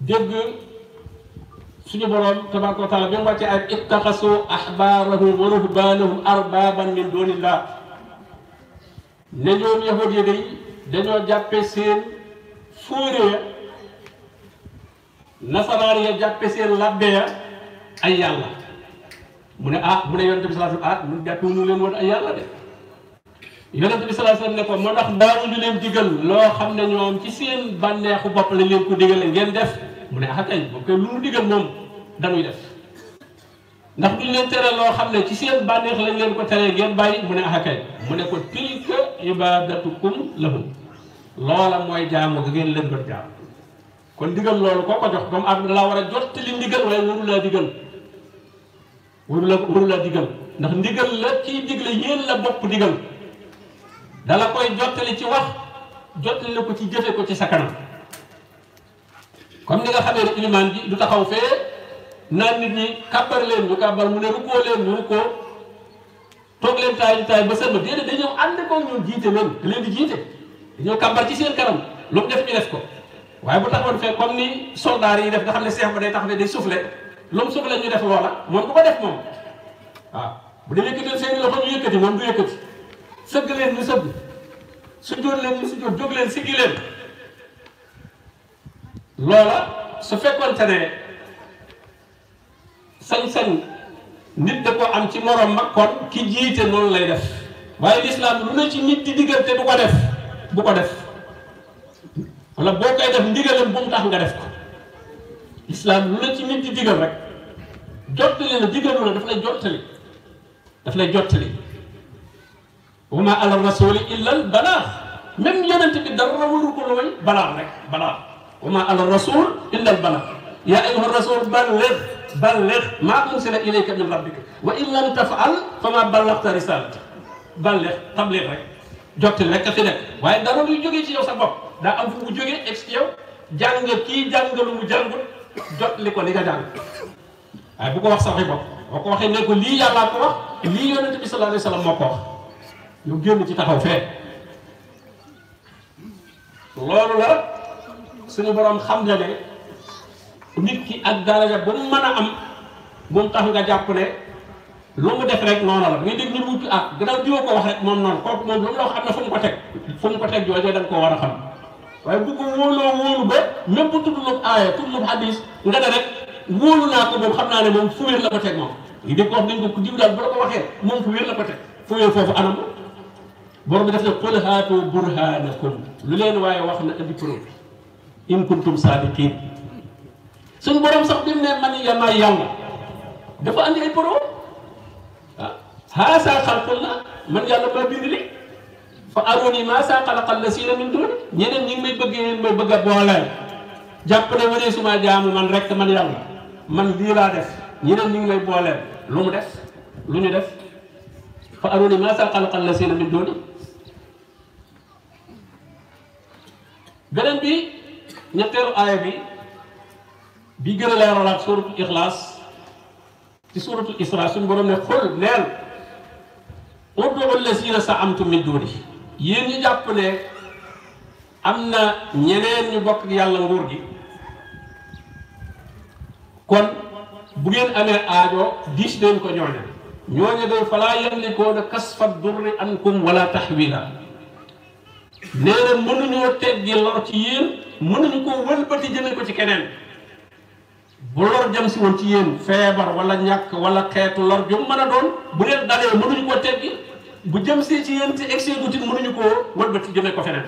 dégg suñu boroom tabaaraka wa taala bi mu wàccee ay ittaxasu wa ruhbaanahum arbaaban min duunillah ne ñoom yahud ya day dañoo jàppe seen suure ya nasaraar ya jàppe seen labbe ya ay yàlla mu ne ah mu ne yonent bi sallallahu alayhi wasallam ah ñun jàppe ñu leen woon ay yàlla de yonent bi sallallahu alayhi wasallam ne ko moo tax daawuñu leen digal loo xam ne ñoom ci seen bànneexu bopp la leen ko digale ngeen def mu ne ah kay boo koy lu mu digal moom dañuy def ndax duñ leen tere loo xam ne ci seen bànneex lañ leen ko teree ngeen bàyyi mu ne ah kay mu ne ko tilka la lahum loola mooy jaamu gi ngeen leen doon jaam kon ndigal loolu koo ko jox doomu aadama laa war a jottali ndigal waaye waru laa digal waru la waru laa digal ndax ndigal la ciy digle yéen la bopp digal dala koy jottali ci wax jottali ko ci jëfe ko ci sa kanam ni nga xamee ilimaan du taxaw fee naan nit ñi kàbbar leen ñu kàbbar mu ne rukkoo leen ñu rukkoo toog leen taay di taay ba sëlma de dañoo ànd ko ñun jiite leen da leen di jiite dañoo kàbbar ci seen kanam lu mu def ñu def ko waaye bu taxoon fekk comme ni soldaar yi def nga xam ne seex ma day tax ne de soufflé lu mu soufflé ñu def loola moom du ko def moom waaw bu dee yëkkati seen loxo ñu yëkkati moom du yëkkati sëgg leen ñu sëgg su jóor leen ñu su jóor jóg leen siggi leen loola su fekkoon te sañ-sañ nit da ko am ci morom ma kon ki jiite noonu lay def waaye lislaam lu ne ci nit di digal te du ko def bu ko def wala boo koy def ndigalam bu mu tax nga def ko lislaam lu ne ci nit di digal rek jottali la digalu la daf lay jottali daf lay jottali wa ma ala rasuli illa al balaax même yonent bi dara waru looy balaax rek balaax wa ma ala rasul illa al balaax yaa ayyuha rasul balligh balligh maa ursila ilayka min rabbika wa in lam tafal fa ma ballaghta risalata balligh tabligh rek jottali rek a fi nekk waaye dara luy jógee ci yow sa bopp daa am fu mu jógee egg ci yow jàng kii jàngalu mu jàngul jottali ko li nga jàng waaye bu ko wax sa waxi ko waxee lii yàllaa ko wax lii yonente bi sallallahu alayhi wasallam moo ko wax ñu génn ci taxaw fee loolu la suñu borom xam na ne nit ki ak daraja ba mu mën a am bu mu tax nga jàpp ne lu mu def rek noonu la nga dégg lu wut ah gannaaw diwa ko wax rek moom noonu kooku moom lu mu la mu ko war a xam waaye bu ko wóoloo ba même bu tudd lu aaya tudd lu nga ne rek wóolu naa ko xam naa ne moom fu wér wax nañ ko diw daal bu la ko waxee moom fu wér la ko teg fu wér foofu anam borom bi def ne qul haatu burhanakum lu leen waaye wax na andi preuve in kuntum saadiqin sun borom sax bim ne man ya may yàlla dafa andi ay borom ha sa khalqna man yàlla ba bind fa aruni ma sa xalaqal la siina min dun ñeneen ñi may bëgg yéen may bëgg boole japp ne wone suma jaamu man rek man yaw man lii la def ñeneen ñi may boole lu mu def lu ñu def fa aruni ma sa xalaqal la min dun beneen bi ñetteelu aaya bi bi gën a leeralaat suuratul ixlaas ci suuratul isra suñ borom ne xul neen ud'u llazina za'amtum min duunihi yéen ñu jàpp ne am na ñeneen ñu bokk yàlla nguur gi kon bu ngeen amee aajo diis leen ko ñooñe ñooñe day falaa yamlikuuna kasfa durri ankum wala tahwila nee na mënuñoo teggi lor ci yéen mënuñu ko wëlbati jëme ko ci keneen bu lor jëm si won ci yeen feebar wala ñak wala xet lor jëm mën a doon bu leen dalé mënuñ ko teggi bu jëm see ci yéen ci excès ko mënuñu ba ci jëme ko fenen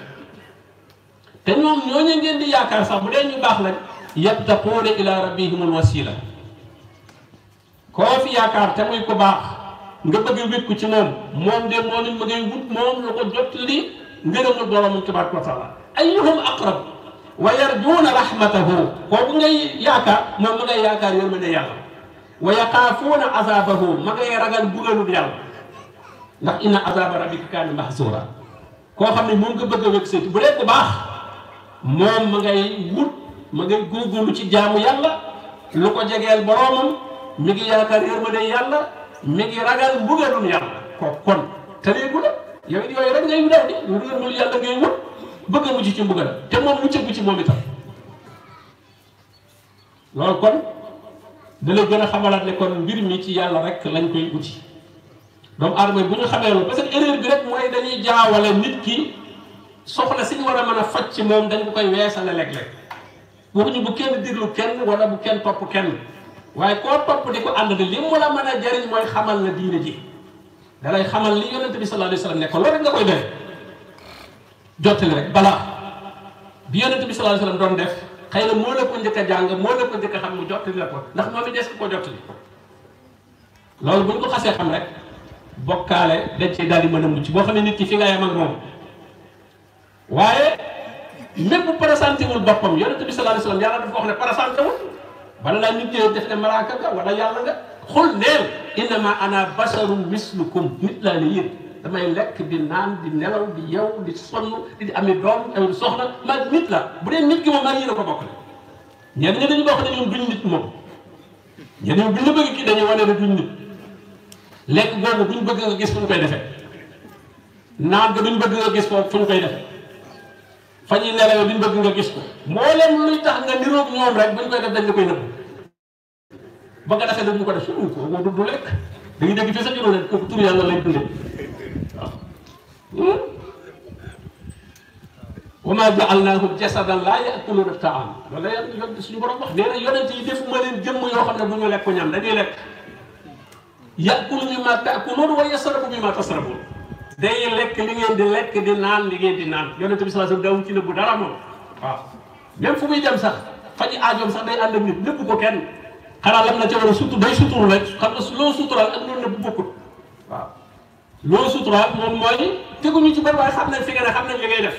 té ñoom ñooñu ngeen di yaakar sax bu dee ñu bax lañ yattaquuna ila rabbihim alwasila ko fi yaakar té muy ko bax nga bëgg wékku ci moom moom de moo ñu mëgay wut moom lu ko jot li borom boromam tabaraka wa taala ayyuhum aqrab wa yarjuuna rahmatahu kooku ngay yaakaar moom ma ngay yaakaar yërmande yàlla wa yaxaafuuna azaabahu ma ngay ragal bugalul yàlla ndax inna azaaba rabbika kaana mahsuura koo xam ne moom nga bëgg a wekk saytu bu dee bu baax moom ma ngay wut ma ngay góorgóorlu ci jaamu yàlla lu ko jegeel boroomam mi ngi yaakaar yërmande yàlla mi ngi ragal mbugalum yàlla ko kon tëleegu la yooyu yooyu rek ngay wut daal di wut yërmande yàlla ngay wut. bëgg a mujj ci mbugal te moom muccëgu ci moom itam loolu kon dana gën a xamalaat ne kon mbir mi ci yàlla rek lañ koy wuti doomu aadama bu ñu xamee loolu parce que erreur bi rek mooy dañuy jaawale nit ki soxla si ñu war a mën a faj ci moom dañ ko koy weesale lekk léeg waxuñu bu kenn déglu kenn wala bu kenn topp kenn waaye koo topp di ko ànd li mu la mën a jariñ mooy xamal la diine ji da lay xamal li yonent bi sallallahu alayhi wa sallam ne ko loolu rek nga koy def jottali rek balaa bi yonent bi sallallahu alayhi wasallam doon def xëy na moo la ko njëkk a jàng moo la ko njëkk a xam mu jottali la ko ndax moo it des ko jottali loolu bu ko xasee xam rek bokkaale dañ cee daal di mën a mucc boo xam ne nit ki fi nga yem ak moom waaye même bu présenté wul boppam yonent bi sallallahu alayhi wasallam yàlla dafa wax ne présenté wul bala laa nit ñi def ne malaaka nga wala yàlla nga xul neel innama ana basarun mislukum nit laa ne yéen damay lekk di naan di nelaw di yow di sonn di ami doom ay soxna ma nit la bu dee nit gi mo mari ñi ko bokk ñen ñi dañu bokk dañu ñoom duñ nit mo ñen ñi buñu bëgg ki dañu wone ne duñ nit lekk gogu buñ bëgg nga gis fuñ koy defee naan ga duñ bëgg nga gis ko fuñ koy defee fa nelaw duñ bëgg nga gis ko leen luy tax nga niro ñoom rek buñ koy def dañ koy nëbb ba nga defee lu ko def suñu ko mo du lekk dañu dégg sa ñu rek tur yalla lay dundé Hmm? wa maa ja'alnaahum jasadan laa ya'kuluuna ta'aam loolu la suñu borom wax nee na yonent yi defuma leen jëmm yoo xam ne bu ñu lekk ñam dañuy lekk ya'kulu mimmaa ta'kuluun wa yashrabu mimmaa tashrabuun day lekk li ngeen di lekk di naan li ngeen di naan yonent bi sallallahu alayhi wa sallam daawu ci nëbbu dara moom waaw même fu muy dem sax faji aajoom sax day ànd ak nit nëbbu ko kenn xanaa lam na ca war a sutur day sutur rek loolu suturaal moom mooy teguñu ci bët waaye xam nañ fi nga ne xam nañ li ngay def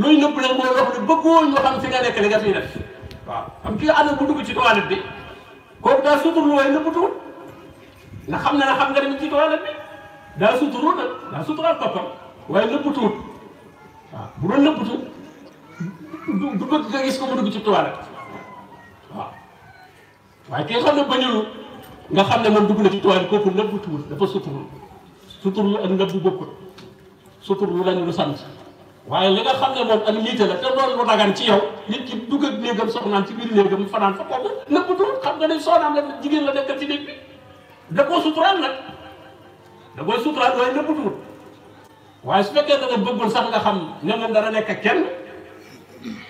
luy nëbb nag mooy wax lu bëggoo ñu xam fi nga nekk li nga fiy def waaw am ki nga ànd bu dugg ci toilette bi kooku daa sutur lu waaye xam ne na xam nga dem ci toilette bi daa suturu nag daa waaye nëbb tuut waaw bu doon nëbb tuut du bëgg nga gis ko mu dugg ci toilette waaw waaye ki nga xam xam ne moom dugg na ci toilette kooku nëbb tuut dafa suturu sutur lu ak nëbbu bokkut sutur lu lañ lu sant waaye li nga xam ne moom ak niite la te loolu lu dagan ci yow nit ki dugg ak néegam soxnaam ci biir néegam fanaan fa kooku nëbbutu xam nga ne soxnaam jigéen la nekkal ci néeg bi da koo suturaal nag da koy suturaal waaye su fekkee da nga bëggul sax nga xam ne moom dara nekk ak kenn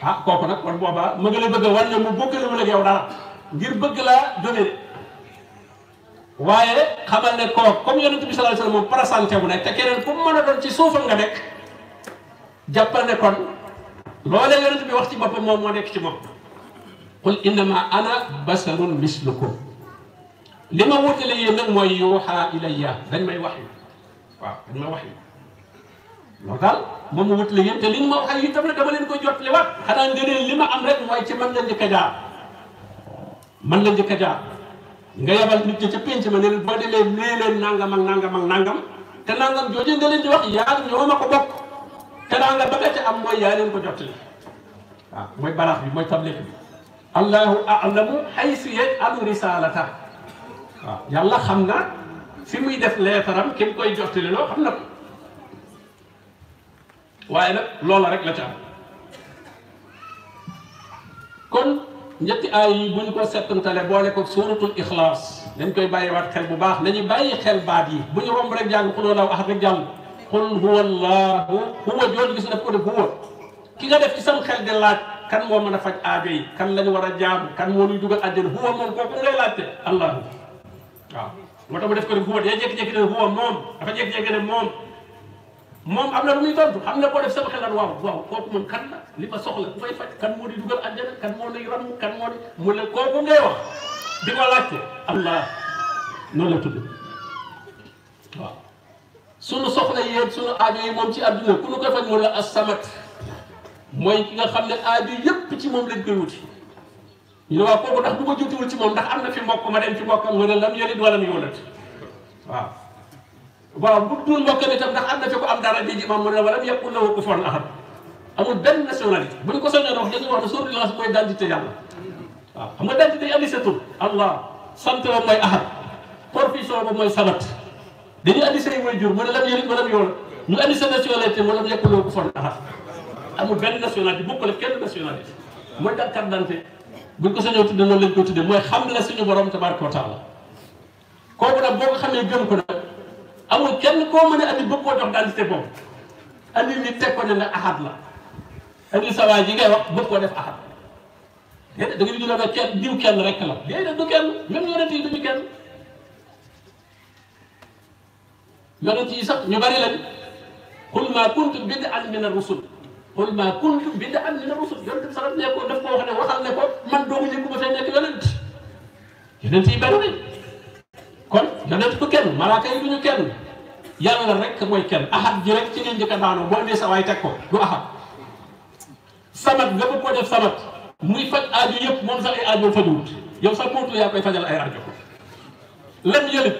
ah kooku nag kon boobaa ma ngi lay bëgg a wan ne mu bokkale mu ak yow dara ngir bëgg laa donee waaye xamal ne kooku comme yonent bi sallallahu alayhi wasallam moom présenté wu ne te keneen ku mën a doon ci suufam nga nekk jàppal ne kon loolee yonent bi wax ci boppam moom moo nekk ci moom qul innama ana basarun mislukum li ma wutale yéen nag mooy yuuxa ilayya dañ may wax yi waaw dañ ma wax yi loolu daal moom ma wutale yéen te li ma wax yi itam nag dama leen koy jotali waat xanaa ngëneel li ma am rek mooy ci man la njëkk a jaar man la njëkk a jaar nga yabal nit ñi ca pénc ma ne leen boo demee nee leen nangam ak nangam ak nangam te nangam jooju nga leen di wax yaa ñoo ma ko bokk te nangam ba nga ca am mooy yaa leen ko jottali waaw mooy barax bi mooy tablet bi. allahu alamu haysu yaj'alu yàlla xam na fi muy def leetaram ki koy jot jottali loo xam na waaye nag loola rek la ca am kon. ñetti ay yi buñ ko setantale boole ko suratul ikhlas dañ koy bàyyi waat xel bu baax nañu bàyyi xel baat yi bu ñu romb rek jàng qul huwallahu ahad rek jàng qul huwallahu huwa jool gis daf ko def huwa ki nga def ci sam xel di laaj kan moo mën a faj aajo yi kan lañu war a jaamu kan moo ñuy dugal àjjana huwa moom kooku ngay laajte allahu waaw moo tax mu def ko def huwa day jékki-jékki ne huwa moom dafa jékki-jékki ne moom moom am na lu muy tontu xam nga boo xelan waaw waaw kooku moom kan la li ma soxla bu may faj kan moo di dugal àjjana kan moo di ram kan moo di mu ne kooku ngay wax di ko allah noonu la tudd waaw sunu soxla yéen sunu aajo yi moom ci àdduna ku nu ko faj mu la asamat mooy ki nga xam ne aajo yépp ci moom lañ koy wuti ñu ne waaw kooku ndax bu ma jutiwul ci moom ndax am na fi mbokk ma dem ci mbokkam nga ne lam yëlit wala mu yóolat waaw waaw bu dul mbokkam itam ndax am na fi ko am dara di imam mu ne la wala yëpp la ko foon a amul benn nationalité bu ñu ko soññoon wax dañuy wax ne suur lance mooy identité yàlla waaw xam nga identité na sa allah sant wa mooy ahad profession ba mooy sabat dañuy andi say waajur mu ne lam yëlit malam yool ñu mu lam yëpp la ko foon ahad amul benn nationalité bokkul ak kenn nationalité mooy dal carte d'identité buñ ko soññoo ko tudde mooy xam la suñu borom tabaraka wa taala kooku nag boo ko xamee gëm ko nag amul kenn koo mën a andi bëgg koo jox dentité boobu andi nit teg ko ne nga ahad la andi sa waay ngay wax bëgg def ahad déedéet da nga ñu doon kenn diw kenn rek la déedéet du kenn même yonent yi duñu kenn yonent ñu bari lañ qul ma kuntu bid'an min ar-rusul qul ma kuntu bid'an min ar-rusul yonent bi sax nekkoo daf ko wax ne waxal ne ko man doomu ñëpp ba tey yi du kenn malaaka yi duñu kenn yàlla rek mooy kenn ahad ji rek ci ngeen njëkk a daanoo boo amee sa waay teg ko du ahad samat nga bëgg ko def samat muy faj aajo yëpp moom sax ay aajo fajuwut yow sax mootu yaa koy fajal ay aajo lam yëlit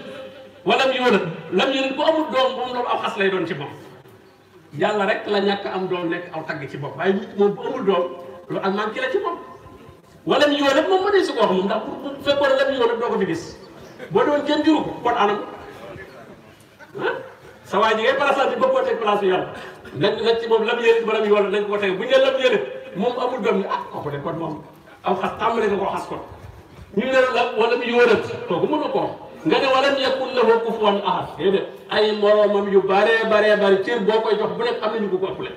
wala mu yóolal lam yëlit bu amul lay doon ci bopp yàlla rek la ñàkk am doom nekk aw tagg ci bopp waaye nit moom bu amul doom lu ak maan ki la ci bopp wala mu yóolal moom ma ne si koo xam fi gis boo doon kenn juru ko anam sa waay ji ngay palaasal ci boppam teg place bi yàlla nañ nañ ci moom lam yéene baram yoon bu ñu nee lam yéene moom amul ah, doom ko xas ñu ne la wala mu yóorat kooku mënu ko nga ne walam yakun lahu kufuwan ahad déedéet ay yu baree baree bari cër jox bu nekk am nañu ko ko ëppale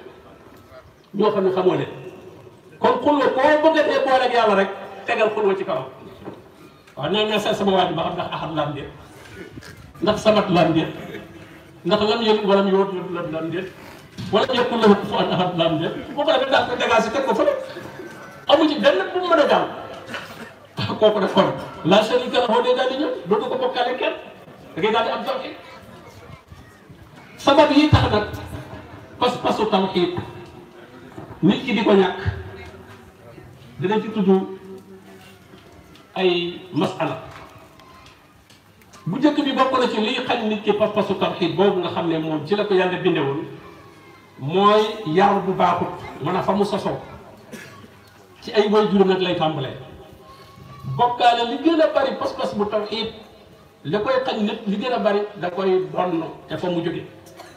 ñoo ne xamoo leen kon yàlla rek tegal xulwa ci kawam waaw nee na sama waay ji ba xam ndax ahad lam ndax lam yëg walam yoot yoot lam lam déet wala yokkul la fu an ahad lam déet boo ko defee daal ko dégagé teg ko fële amu ci benn bu mu mën a daal ah, kooku def kon la sharika la dee daal di ñëw dootu ko bokkaale kenn da ngay daal di am tawxiid sabab yi tax nag pas-pasu tawxiid nit ki di ko ñàkk dinañ ci tudd ay masala bu njëkk bi bokk na ci liy xañ nit ki pas-pasu tawxiid boobu nga xam ne moom ci la ko yàlla bindewoon mooy yar bu baaxut mën a fa mu sosoo ci ay way juróom nag lay tàmbalee bokkaale li gën a bari pas-pas bu tawxiid li koy xañ nit li gën a bari da koy donn te fa mu jóge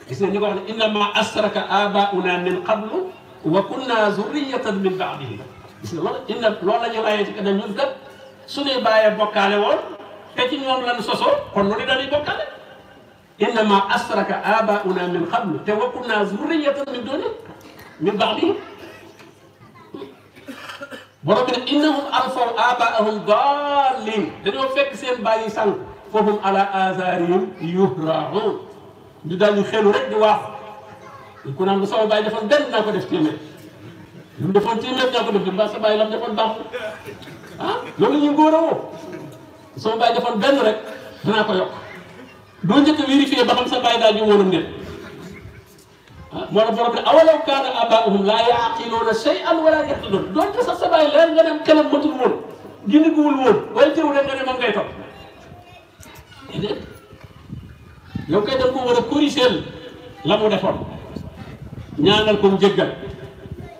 gis nga ñu ko wax ne innama asraka abauna min qablu wa kunna zurriyatan min baadihim gis nga loolu inna loolu la ñu laayee ci kanam ñun kat suñuy bàyyee bokkaale woon te ci ñoom lañ sosoo kon loolu dañuy bokkale innama asraka abauna min qablu te wa kunna zurriyatan min duni min ba'di borom bi nag innahum arfaw abaahum dallin dañoo fekk seen bàyyi sànq fahum ala azarihim yuhraun ñu daal ñu xelu rek di waax ku naan sama bàyyi defoon benn naa ko def téeméer lu mu defoon téeméer naa ko def mbaa sa bàyyi lam defoon baaxul ah loolu ñu góor a woo soo bàyyi defoon benn rek dinaa ko yokk doo njëkk a vérifier ba xam sa bàyyi daal ñu wóolam ne ah moo tax borom ne awalaw kaana abaahum laa yaqiluuna shay'an wala yahtaduun doonte sax sa bàyyi leer nga dem kanam matul woon gindi guwul woon waaye teewul rek nga ne moom ngay topp déedéet yow kay da nga ko war a corriger la mu defoon ñaanal ko mu jéggal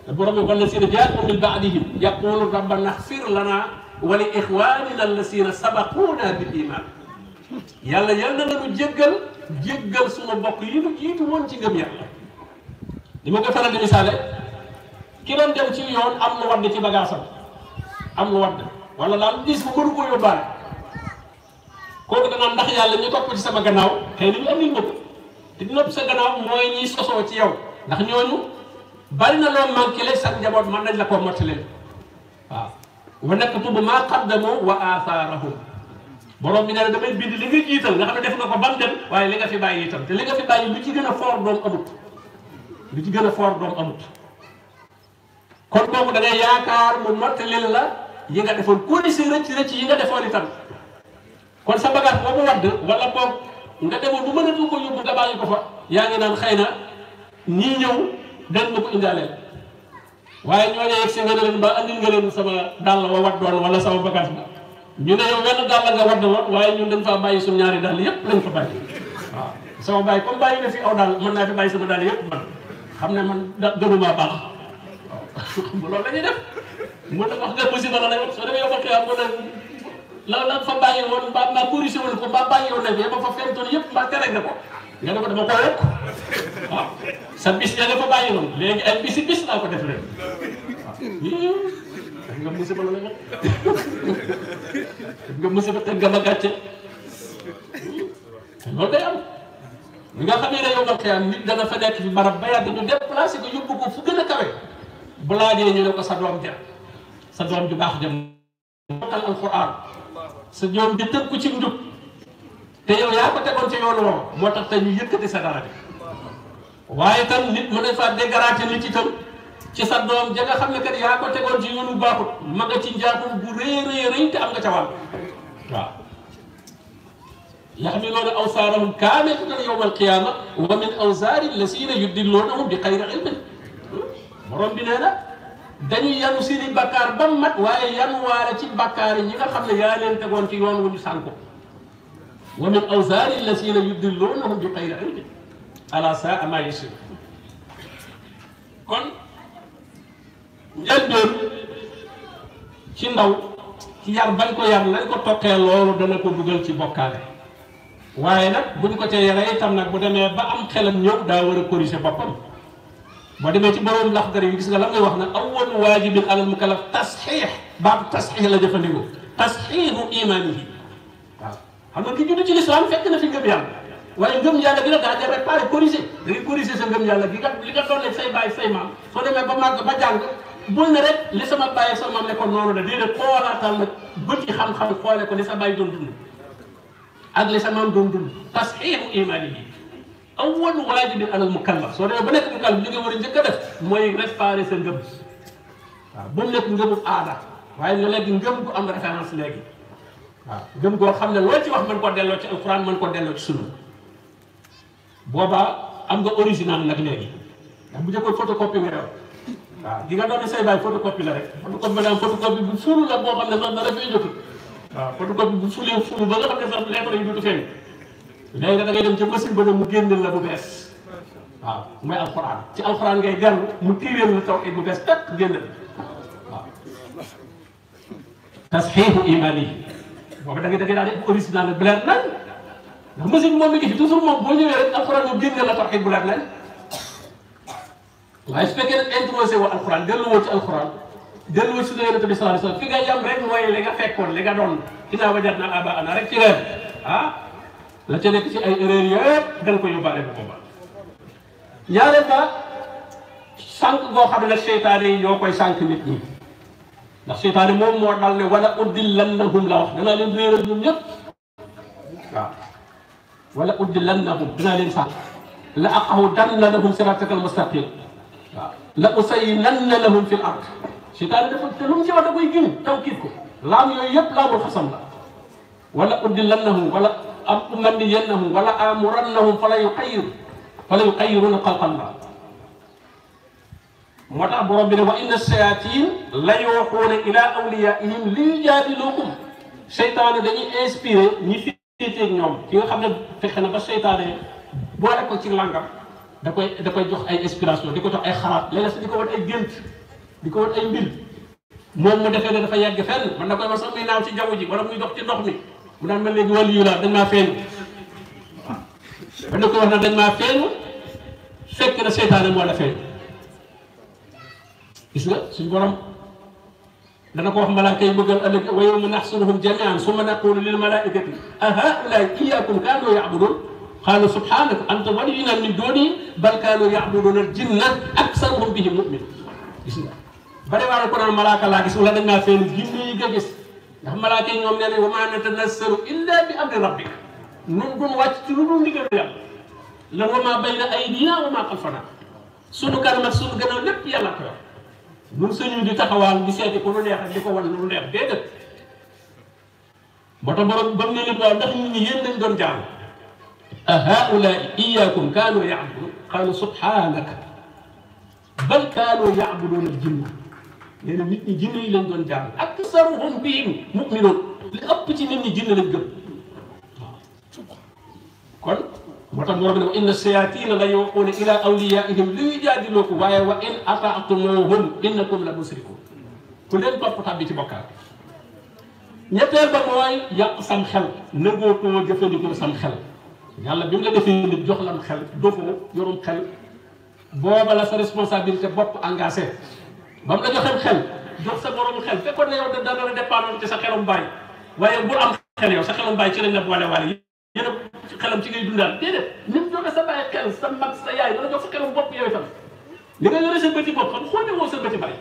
te borom ne wala si ne jaa'u min ba'dihim yaqulu rabbana ighfir lana wa li la allasina sabaquuna bil iman yàlla yal na nu jéggal jéggal sunu mbokk yi nu jiitu woon ci ngëm yàlla li ma ko faral di misaale ki doon dem ci yoon am lu wadd ci bagaasam am lu wadd wala daal gis bu mënu ko yóbbaale kooku danaan ndax yàlla ñu topp ci sama gannaaw xëy na ñu andil ma ko te di nopp sa gannaaw mooy ñiy sosoo ci yow ndax ñooñu bari na loo manqué leen sax njaboot mën nañ la koo mottaleen wa naktubu maa qaddamu wa aathaarahum borom bi nee na damay bind li nga jiital nga xam ne def nga ko bam dem waaye li nga fi bàyyi itam te li nga fi bàyyi lu ci gën a foor doom amut lu ci gën a foor doom amut kon boobu da ngay yaakaar mu mottalil la yi nga defoon ku ne si rëcc rëcc yi nga defoon itam kon sa bagage boobu wadd wala boog nga demoon bu mën a ko yóbbu nga bàyyi ko fa yaa ngi naan xëy na ñii ñëw dañ na ko indaaleel waaye ñooñu yegg si nga ne leen ba andil nga leen sama dàll wa waddoon wala sama bagage ba ñu ne yow wenn dàll nga wadd woon waaye ñun dañ faa bàyyi suñu ñaari fa bàyyi waaw fi aw dàll mën naa fi bàyyi yépp man xam ne man gënumaa baax waaw loolu la ñuy def mën na wax nga musiba la la la fa bàyyi woon mbaa mbaa corrigé woon ko mbaa bàyyi woon na fi ba fa fentoon yépp mbaa tere nga ko nga ne ko dama ko yokk waaw ah, sa bis ya nga ko bàyyi woon léegi ay bisi bis laa ko def leen waaw ah, nga musiba la nga nga musiba te nga ma gàcce ah, loolu day am nga xamee ne yow nga xëy nit dana fa nekk barab ba yàgg ñu déplacé ko yóbbu ko fu gën a kawe bu laajee ñu ne ko sa doom ja sa doom ju baax jëm mokkal alquran sa ñoom di tënku ci njub te yow yaa ko moo tax te ñu yëkkati sa dara waaye tam nit mën na faa dégraté nit ci tam ci sa doom ja nga xam ne kat yaa ko tegoon ci yoonu baaxut ma nga ci njaaxum bu rëy a rëy te am nga ca wàll waaw. yaxmiluuna awsaarahum kaamilatan yawmal qiyaama wa min awsaari llaziina yudilluunahum bi xayri ilmin borom bi nee na dañuy yanu seeni bakkaar ba mat waaye yanuwaale ci bakkaar yi ñi nga xam ne yaa leen tegoon ci yoon wu ñu sànku. wa min awzaari allazina yudillunahum bi xayri ilmin ala saa ma yasir kon ko yar lañ ko toqee loolu dana ko dugal ci bokkaale waaye nag bu ko ca yaree itam nag bu demee ba am xelam ñëw daa war a corriger boppam boo demee ci borom laxdar yi gis nga la ngay wax na awwalu waajibin alal mukallaf la jëfandikoo tasxiixu imaanihi xam nga ki judd ci lislaam fekk na fi ngëm yàlla waaye ngëm yàlla gi nag daa jar réparé corriger da ngay corriger sa ngëm yàlla gi nga li nga doon say bàyyi say maam soo demee ba màgg ba jàng bul ne rek li sama bàyyi sama maam nekkoon noonu la déedéet xoolaatal nag bëti xam-xam xoole ko li sa bàyyi doon dund ak li sa maam doon dund tasxiixu imaani yi awwal waajibin alal mukallaf soo demee ba nekk mukallaf li nga war a njëkk a def mooy réparé sa ngëm waaw ba mu nekk ngëmu aada waaye nga léegi ngëm bu am référence léegi waaw gëm koo xam ne loo ci wax mën koo delloo ci alquran mën ko delloo ci sunna boobaa am nga original nag léegi ndax bu njëkkoon photocopie nga yor waaw di nga doon say baay photocopie la rek photocopie maanaam photocopie bu fulu la boo xam ne sax dara fee jotul waaw photocopie bu ba nga xam ne sax lettre yi dutu dem ci machine ba ne mu génn la bu bees waaw mooy alquran ci alquran ngay dellu mu tiireel la taw it bu bees tëkk génneel waaw tasxiixu imaan yi boobu da ngay da ngay daal di bu leer nañ ndax machine moom mi ngi fi toujours moom boo ñëwee rek alxuraan moom génne la tawxiid bu leer nañ waaye su fekkee nag introsé woo alxuraan delluwoo ci alxuraan delluwoo ci Yonent bi sallallahu alayhi fi nga yam rek mooy li nga fekkoon li nga doon innaa wajadnaa rek ci leer ah la ca nekk ci ay erreur yëpp da nga ko yóbbaale bu boobaa ñaareel ba sànq goo xam ne nag seytaane koy sànq nit ñi. ndax seytaane moom moo dal ne wala udillannahum la wax danaa leen réeral ñoom ñëpp waaw wala udillannahum danaa leen sax la aqudanna lahum siratakal mustaqim waaw la usayyinanna lahum fil ard seytaane dafa te lu mu ci wax da koy giñ tawkiit ko laam yooyu yëpp laamul xasam la wala udillannahum wala am umanniyannahum wala amurannahum fala yuqayyiru fala yuqayyiruna xalqallah motax borom bi ne wa inna shayatin la yuquna ila awliyaihim li yajadilukum shaytan dañuy inspirer ñi fi tété ak ñom ki nga xamne fexé na ba shaytan boole ko ci langam da koy da koy jox ay inspiration diko jox ay xalat lay la ci diko won ay gënt diko won ay mbir mom mu defé dafa yegg fenn man da koy ma sax muy naaw ci jawu ji wala muy dox ci dox mi mu dañ ma légui wali yu la dañ ma fenn ba ko wax na dañ ma fenn fekk na shaytan mo la fenn gis nga suñu borom dana ko wax malaaka yi bëggal ëllëg wa yawma nahsuruhum jami'an summa naqulu lil malaa'ikati a haa'ulaa'i iyyaakum kaanu ya'buduun qaalu subhaanaka anta waliyyunaa min duunihim bal kaanu ya'buduuna al-jinna aksaruhum bihim mu'minuun gis nga bari waa ko naan malaaka laa gis wala dañ naa feenu jinne yi nga gis ndax malaaka yi ñoom nee nañ wa maa natanazzalu illaa bi amri rabbika nun dun wàcc ci lu dul ndigal yàlla la wa maa bayna aydinaa wa maa xalfanaa sunu kanam ak sunu gannaaw lépp yàlla ko yor ñun sëñu di taxawaal di seeti ku lu neex ak di ko wan lu neex déedéet moo tax borom bam ne leen waaw ndax nit ñi yéen lañ doon jaam a haulaai iyakum kaanu yacbudu qalu subhanaka bal kaanu yacbuduuna al jinna nee na nit ñi jinne yi lañ doon jaam aksaruhum bihim muminoon li ëpp ci nit ñi jinne lañ gëm waaw kon moo tax borom ne wa inna shayatina la yuquuna ila awliyaihim li yujaadiluukum waaye wa in ataatumuhum innakum la musrikun ku leen topp tàbbi ci bokkaar ñetteel ba mooy yàq sam xel nëgootoo jëfandikoo sam xel yàlla bi mu la defee nit jox lam xel dofoo yorum xel booba la sa responsabilité bopp engagé ba mu la joxem xel jox sa borom xel fekkoon ne yow da dana la dépendre ci sa xelum bàyyi waaye bu am xel yow sa xelum bàyyi ci lañ la boole waale yéen a xelam ci ngay dundal déedéet lim joxe sa bàyyi xel sa mag sa yaay dana jox sa xelam bopp yooyu tam li nga yore sa bëti bopp xam xoolee woo sa bëti bàyyi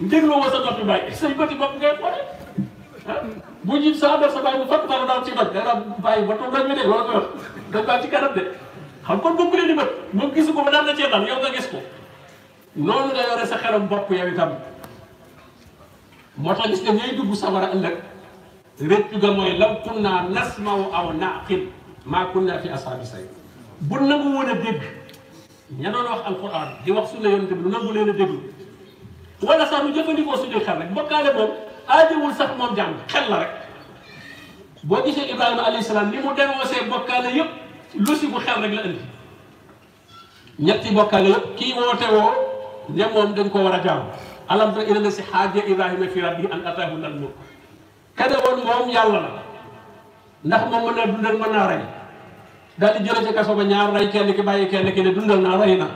dégloo woo sa noppi bàyyi sa bëti bopp ngay xoolee ah bu jiit sa amoon sa bàyyi bu fàttali daal daal ci doj da nga bàyyi ba toog dañu ne loolu ko yor dañ baa ci kanam de xam kon bokk leen di bët moom gisu ko ba daan na cee dal yow nga gis ko noonu nga yore sa xelam bopp yow itam moo tax gis nga ñooy dugg sawara ëllëg الذي أن ربي لو كنا نسمع او نعقل ما كنا في اصحاب سيد بن نغو ولا دغ ني دون واخ القران دي واخ سونا يونت بن نغو لينا دغ ولا سا نو جيفاندي كو سوجي خال رك بوكال موم ادي وول صاح موم جان خال لا رك بو جيسه ابراهيم عليه السلام ني مو ديمو سي بوكال ييب لوسي بو خال رك لا اندي نياتي بوكال ييب كي ووتو ني موم دنج كو ورا جام الم تر الى سي حاجه ابراهيم في ربه ان اتاه الملك ka demoon moom yàlla la ndax moom mën naa dundal mën naa rey daal di jëlee ci kaso ba ñaar rey kenn ki bàyyi kenn ki ne dundal naa rey na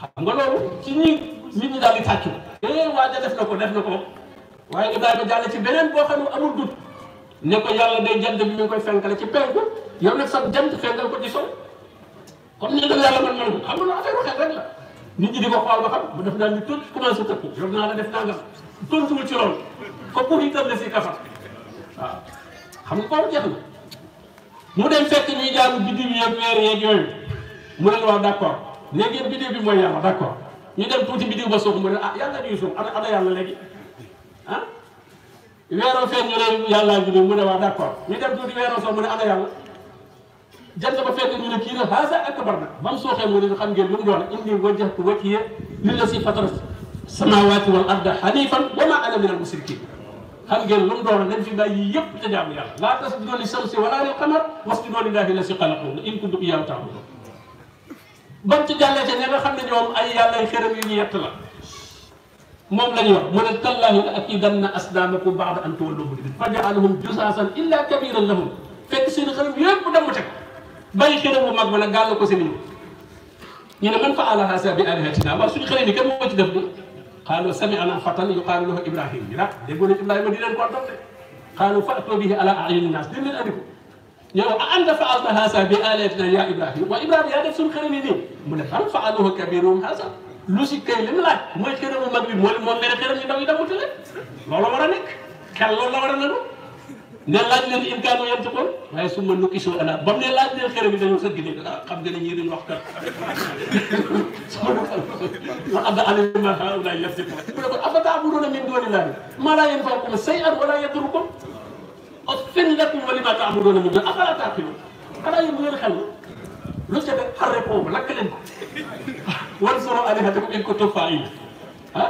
xam nga loolu ci ñi nit ñi daal di tàccu eh waa def na ko def na ko waaye Ibrahima jàll ci beneen boo xam ne amul dut ne ko yàlla day jant bi mi ngi koy fenkale ci penku yow nag sax jant fenkal ko ci sol comme ni la yàlla mën mën ko xam na loolu affaire waxee rek la nit di ko xool ba xam bu def daal di tontu commencé tëkku yow naa la def nangam tontuwul kooku hikam fi kafa waaw xam nga mu dem fekk ñuy jaamu biddiw yeeg weer yeeg yooyu mu leen wax d' accord léegi yéen biddiw bi mooy yàlla d' accord ñu dem tuuti biddiw ba suuf mu ne a ah, yàlla ñuy suuf ana ana yàlla léegi ah mu ne waaw d' ñu dem tuuti mu ne ana yàlla jant ba fekk ñu ne kii na haasa akbar na ba mu sooxee mu ne xam ngeen lu mu doon indi wajjahtu wajhiya lillazii fatara samaawaati wal arda haniifan wa ana minal mushrikiin خالجين لوم دور نين في باي يب تجام يلا لا تسجدوا للشمس ولا للقمر واسجدوا لله الذي خلقهم ان كنتم اياه تعبدون بان تي جالي تي نيغا خامني نيوم اي يالا خيرم يي نيت لا موم لا نيو من الله لاكيدن اسلامكم بعد ان تولوا مدبر فجعلهم جساسا الا كبيرا لهم فك سين خيرم يب دم تك باي خيرم بو ماغ مانا غالو كو سيني ني نمن فعلها سبي الهتنا ما سوني خيرني كان مو تي ديف qaalu sami'naa fatan yuqaalu lahu Ibrahim ñu naan déggoo nañu Ibrahima di leen kontaan de qaalu fa'tuu bihi alaa a'yunin naas di leen andi ko ñëw a anta fa'alta haazaa bi aalihatinaa yaa Ibrahim waaye Ibrahima yaa def suñu xërëm yi nii mu ne bal fa'alahu kabiiruhum haazaa lu si kay li mu laaj mooy xërëmu mag bi moo leen moom benn xërëm yu ndaw yi dawul te leen loolu war a nekk xel loolu la war a nangu ne laaj leen in kaanu yantiqoon waaye su ma nukki soo ana ba mu ne laaj leen xere bi dañoo sëgg ne ah xam nga ne ñii dañu wax kat suma wa adda alima haula yaftiqoon mu ne ko afata'buduuna min duuni llaahi maa laa yanfa'ukum shay'an wa laa yadurrukum uffin lakum wa limaa ta'buduuna min duuni afalaa ta'qiluun xanaa yéen ngeen xel lu ca def xarre boobu lakk leen ko wansuruu aalihatakum in kuntum faailiin ah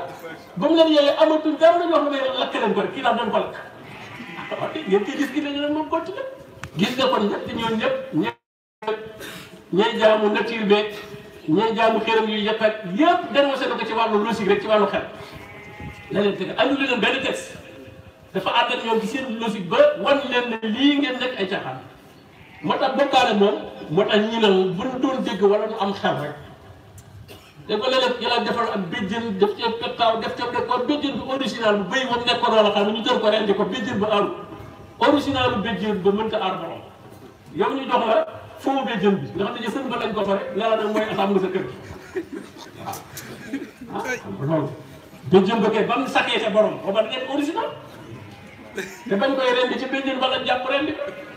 ba mu leen yooyee amatuñ dara dañoo xam ne lakk leen ko rek kii daal dañ ko lakk taxate ngeen koy gis gi dañu leen moom continué gis nga kon ñett ñooñu ñëpp ñeent ñooy jaamu nature beeg ñooy jaamu xeeram yu yëpp ak yëpp dénoncé na ko ci wàllu logique rek ci wàllu xel. la leen teg andu leen benn dafa ànd ñoom ci seen logique ba wan leen ne lii ngeen nekk ay caaxaan moo tax bokkaale moom moo tax ñu ne bu ñu doon dégg wala ñu am xel rek. dafa la def yàlla defal ak béjjën def ci pettaaw def ci original bu béy woon nekkoon wala xam ñu tër ko rendi ko béjjën original bu béjjën ba mën ta aar borom yow ñu jox la foo béjjën bi nga xam ne sëñ ba lañ ko pare la nag mooy asam nga sa kër ah, loolu béjjën kay borom ba original te bañ koy rendi ci béjjën ba la jàpp rendi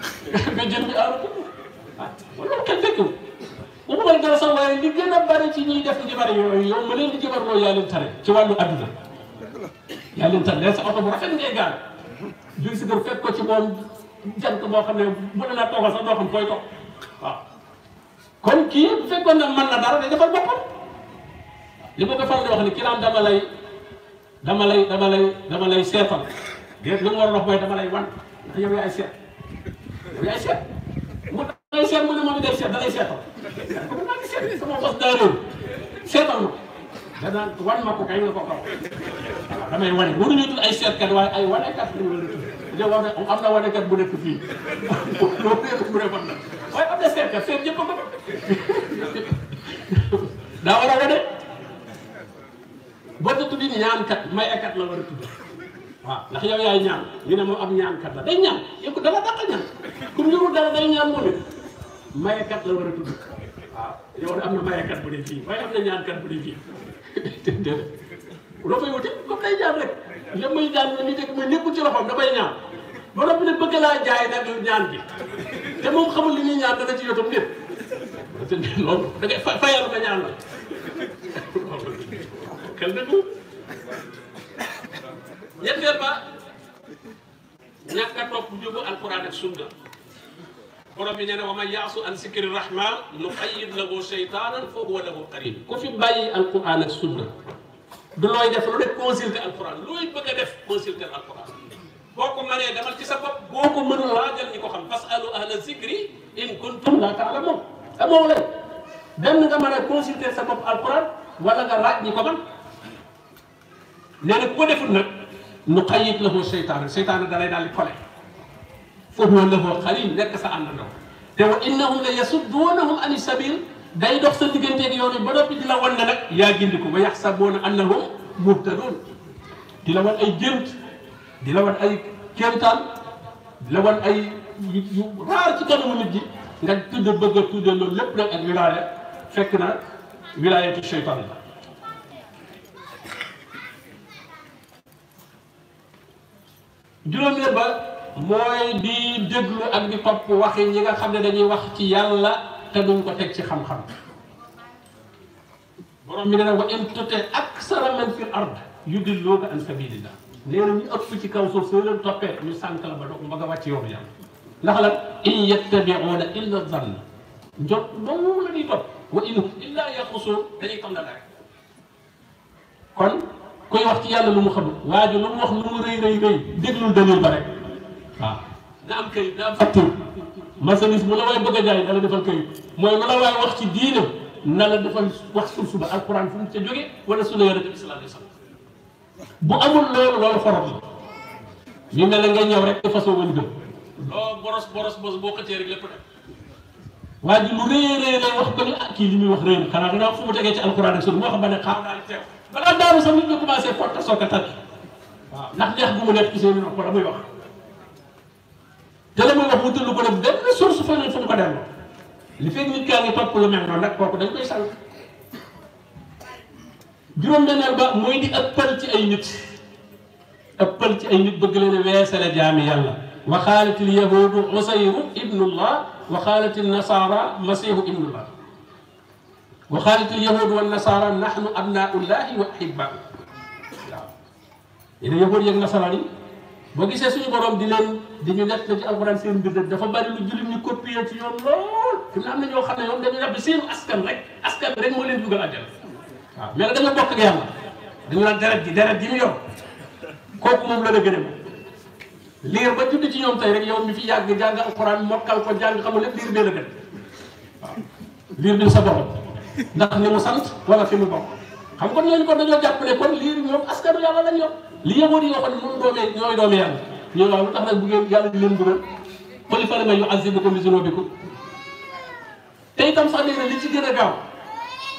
<laughs> béjjën bi aru ko ah mu bëgg dara sax waaye li a bari ci ñiy def njibar yooyu yow ma leen di jibarloo yaa ci wàllu adduna yaa leen tare leen sa oto bu rafet ngay gaar jur si gër fekk ko ci moom jant boo xam ne bu ne naa toogal sax doo xam koy toog waaw kon kii bu fekkoon ne mën na li ma ko faral di wax ni ki naan dama lay dama lay dama lay dama lay seetal déet lu mu war a wax mooy wan ndax yow yaay seet yow yaay seet day seet mu ne moom day seet da lay seetal man maa ngi seet sama bos daa réew seetal ma da daan wan ma ko kay na ko kaw waaw damay wane waruñu tudd ay seetkat waaye ay wanekat lañ war a tudd te wax ne am na wanekat bu nekk fii loolu lépp bu defoon na waaye am na seetkat seet yëpp a ko daa war a wane boo te tudd ñaankat mayekat la war a tudd waaw ndax yow yaay ñaan ñu ne moom am ñaankat la day ñaan yow dala dàq ñaan comme yorul dara day ñaan moo ne. mayakat la wara a tudd yow ya am na mayekat bu ne fi way amna ñaan kat bu ne fi loo fay wuti ko lay jaar rek la may jaar ni ñu teg mooy nekkul ci da bay ñaan ba noppi ne bëgg la jaay nag ñaan bi te mom xamul li ñi ñaan na ci yotam nit lool da ngay fayal nga ñaan la kel na ko ñetteel ba ñaka top jogu jógu alquran ak sunna borom bi nee na wa man yaasu an sikri rahman nu xayib lahu sheytaanan fa huwa lahu qarin ku fi bàyyi alquran ak sunna du looy def lu def consulter alquran looy bëgg a def consulter alquran boo ko mënee demal ci sa bopp boo ko mënul laajal ñi ko xam fasalu ahla zikri in kuntum la taalamoon amoo lay dem nga mën a consulter sa bopp alquran wala nga laaj ñi ko man nee na ku ko deful nag nu xayib lahu sheytaanan sheytaana da lay daal di kole فهو له قليل nekk sa àndandoo te wa innahum la yasudduunahum ani sabil day dox sa digganteeg yoon yi ba noppi di la wan ne nag yaa gindiku ba yaxsabuuna annahum muhtadun di la wan ay gént di la wan ay kéemtaan di la wan ay yu raar ci kanamu nit ji nga tudd bëgg a tuddee loolu lépp nag ak wilaaya fekk na wilaayatu cheytaan la juróomeel ba mooy di déglu ak di topp waxi ñi nga xam ne dañuy wax ci yàlla te duñ ko teg ci xam-xam borom bi nee na wa in tuti aksara man fil ard yudilluka an sabilillah nee na ñu ëpp ci kaw suuf soo leen toppee ñu sànk la ba doog ba nga wàcc yoonu yàlla ndax la in yattabi'una illa zann njot dong la ñuy topp wa in hum illa yaxusuun dañuy toll la rek kon kuy wax ci yàlla lu mu xamul waa ji lu mu wax lu mu rëy rëy rëy déglul dalil ba rek na am këyit na am facture marchandise mu la waay bëgg a jaay na la defal këyit mooy lu la waay wax ci diine na la defal wax source ba alquran fu mu ca jóge wala sunna yonent bi sallallahu alayhi wasallam bu amul loolu loolu xorom la ne la nga ñëw rek de façon bañ gëm loo boros boo xëccee rek lépp nag waa ji lu wax ba ni ak ah, wax rëy na xanaa danaa fu mu tegee ci ak sunna ne xaaw naa teew balaa daaru sax nit ñi commencé porte sooka tat waaw ndax neex bu mu nekk ci seen wax wala muy wax te la muy wax mu tudd ko def benn source feneen fu mu ko delloo li fekk nit kaa ngi topp lu mel noonu nag kooku dañ koy sànq juróom-benneel ba mooy di ëppal ci ay nit ëppal ci ay nit bëgg leen weesale jaami yàlla wa xaalat il yahudu usayru ibnullah wa xaalat il nasara masihu ibnullah wa xaalat il yahudu wa nasara nahnu abnaullahi wa ahibbaa waaw yéen yahud yeeg nasaraan yi boo gisee suñu borom di leen di ñu nekk ci alxuraan seen mbir dafa bari lu jullit ñu copier ci yoon lool fi mu am na ñoo xam ne yoon dañuy def seen askan rek askan rek moo leen dugal àjjana waaw mais nag dañoo bokk ak yàlla dañu naan deret ji deret ji ñu yor kooku moom la la gën a moom. liir ba judd ci ñoom tey rek yow mi fi yàgg jàng alxuraan mokkal ko jàng xamul lépp liir bee la gën waaw liir bi sa borom ndax ni mu sant wala fi mu bokk. xam kon ñooñu kon dañoo jàppale kon lii ñoom askanu yàlla lañ yor li yahuud yi waxoon moom doomee ñooy doomi yàlla ñooy waaw lu tax nag bu ngeen yàlla di leen dugal xoli falama yu azibukum bi zunubikum te itam sax nee na li ci gën a gaaw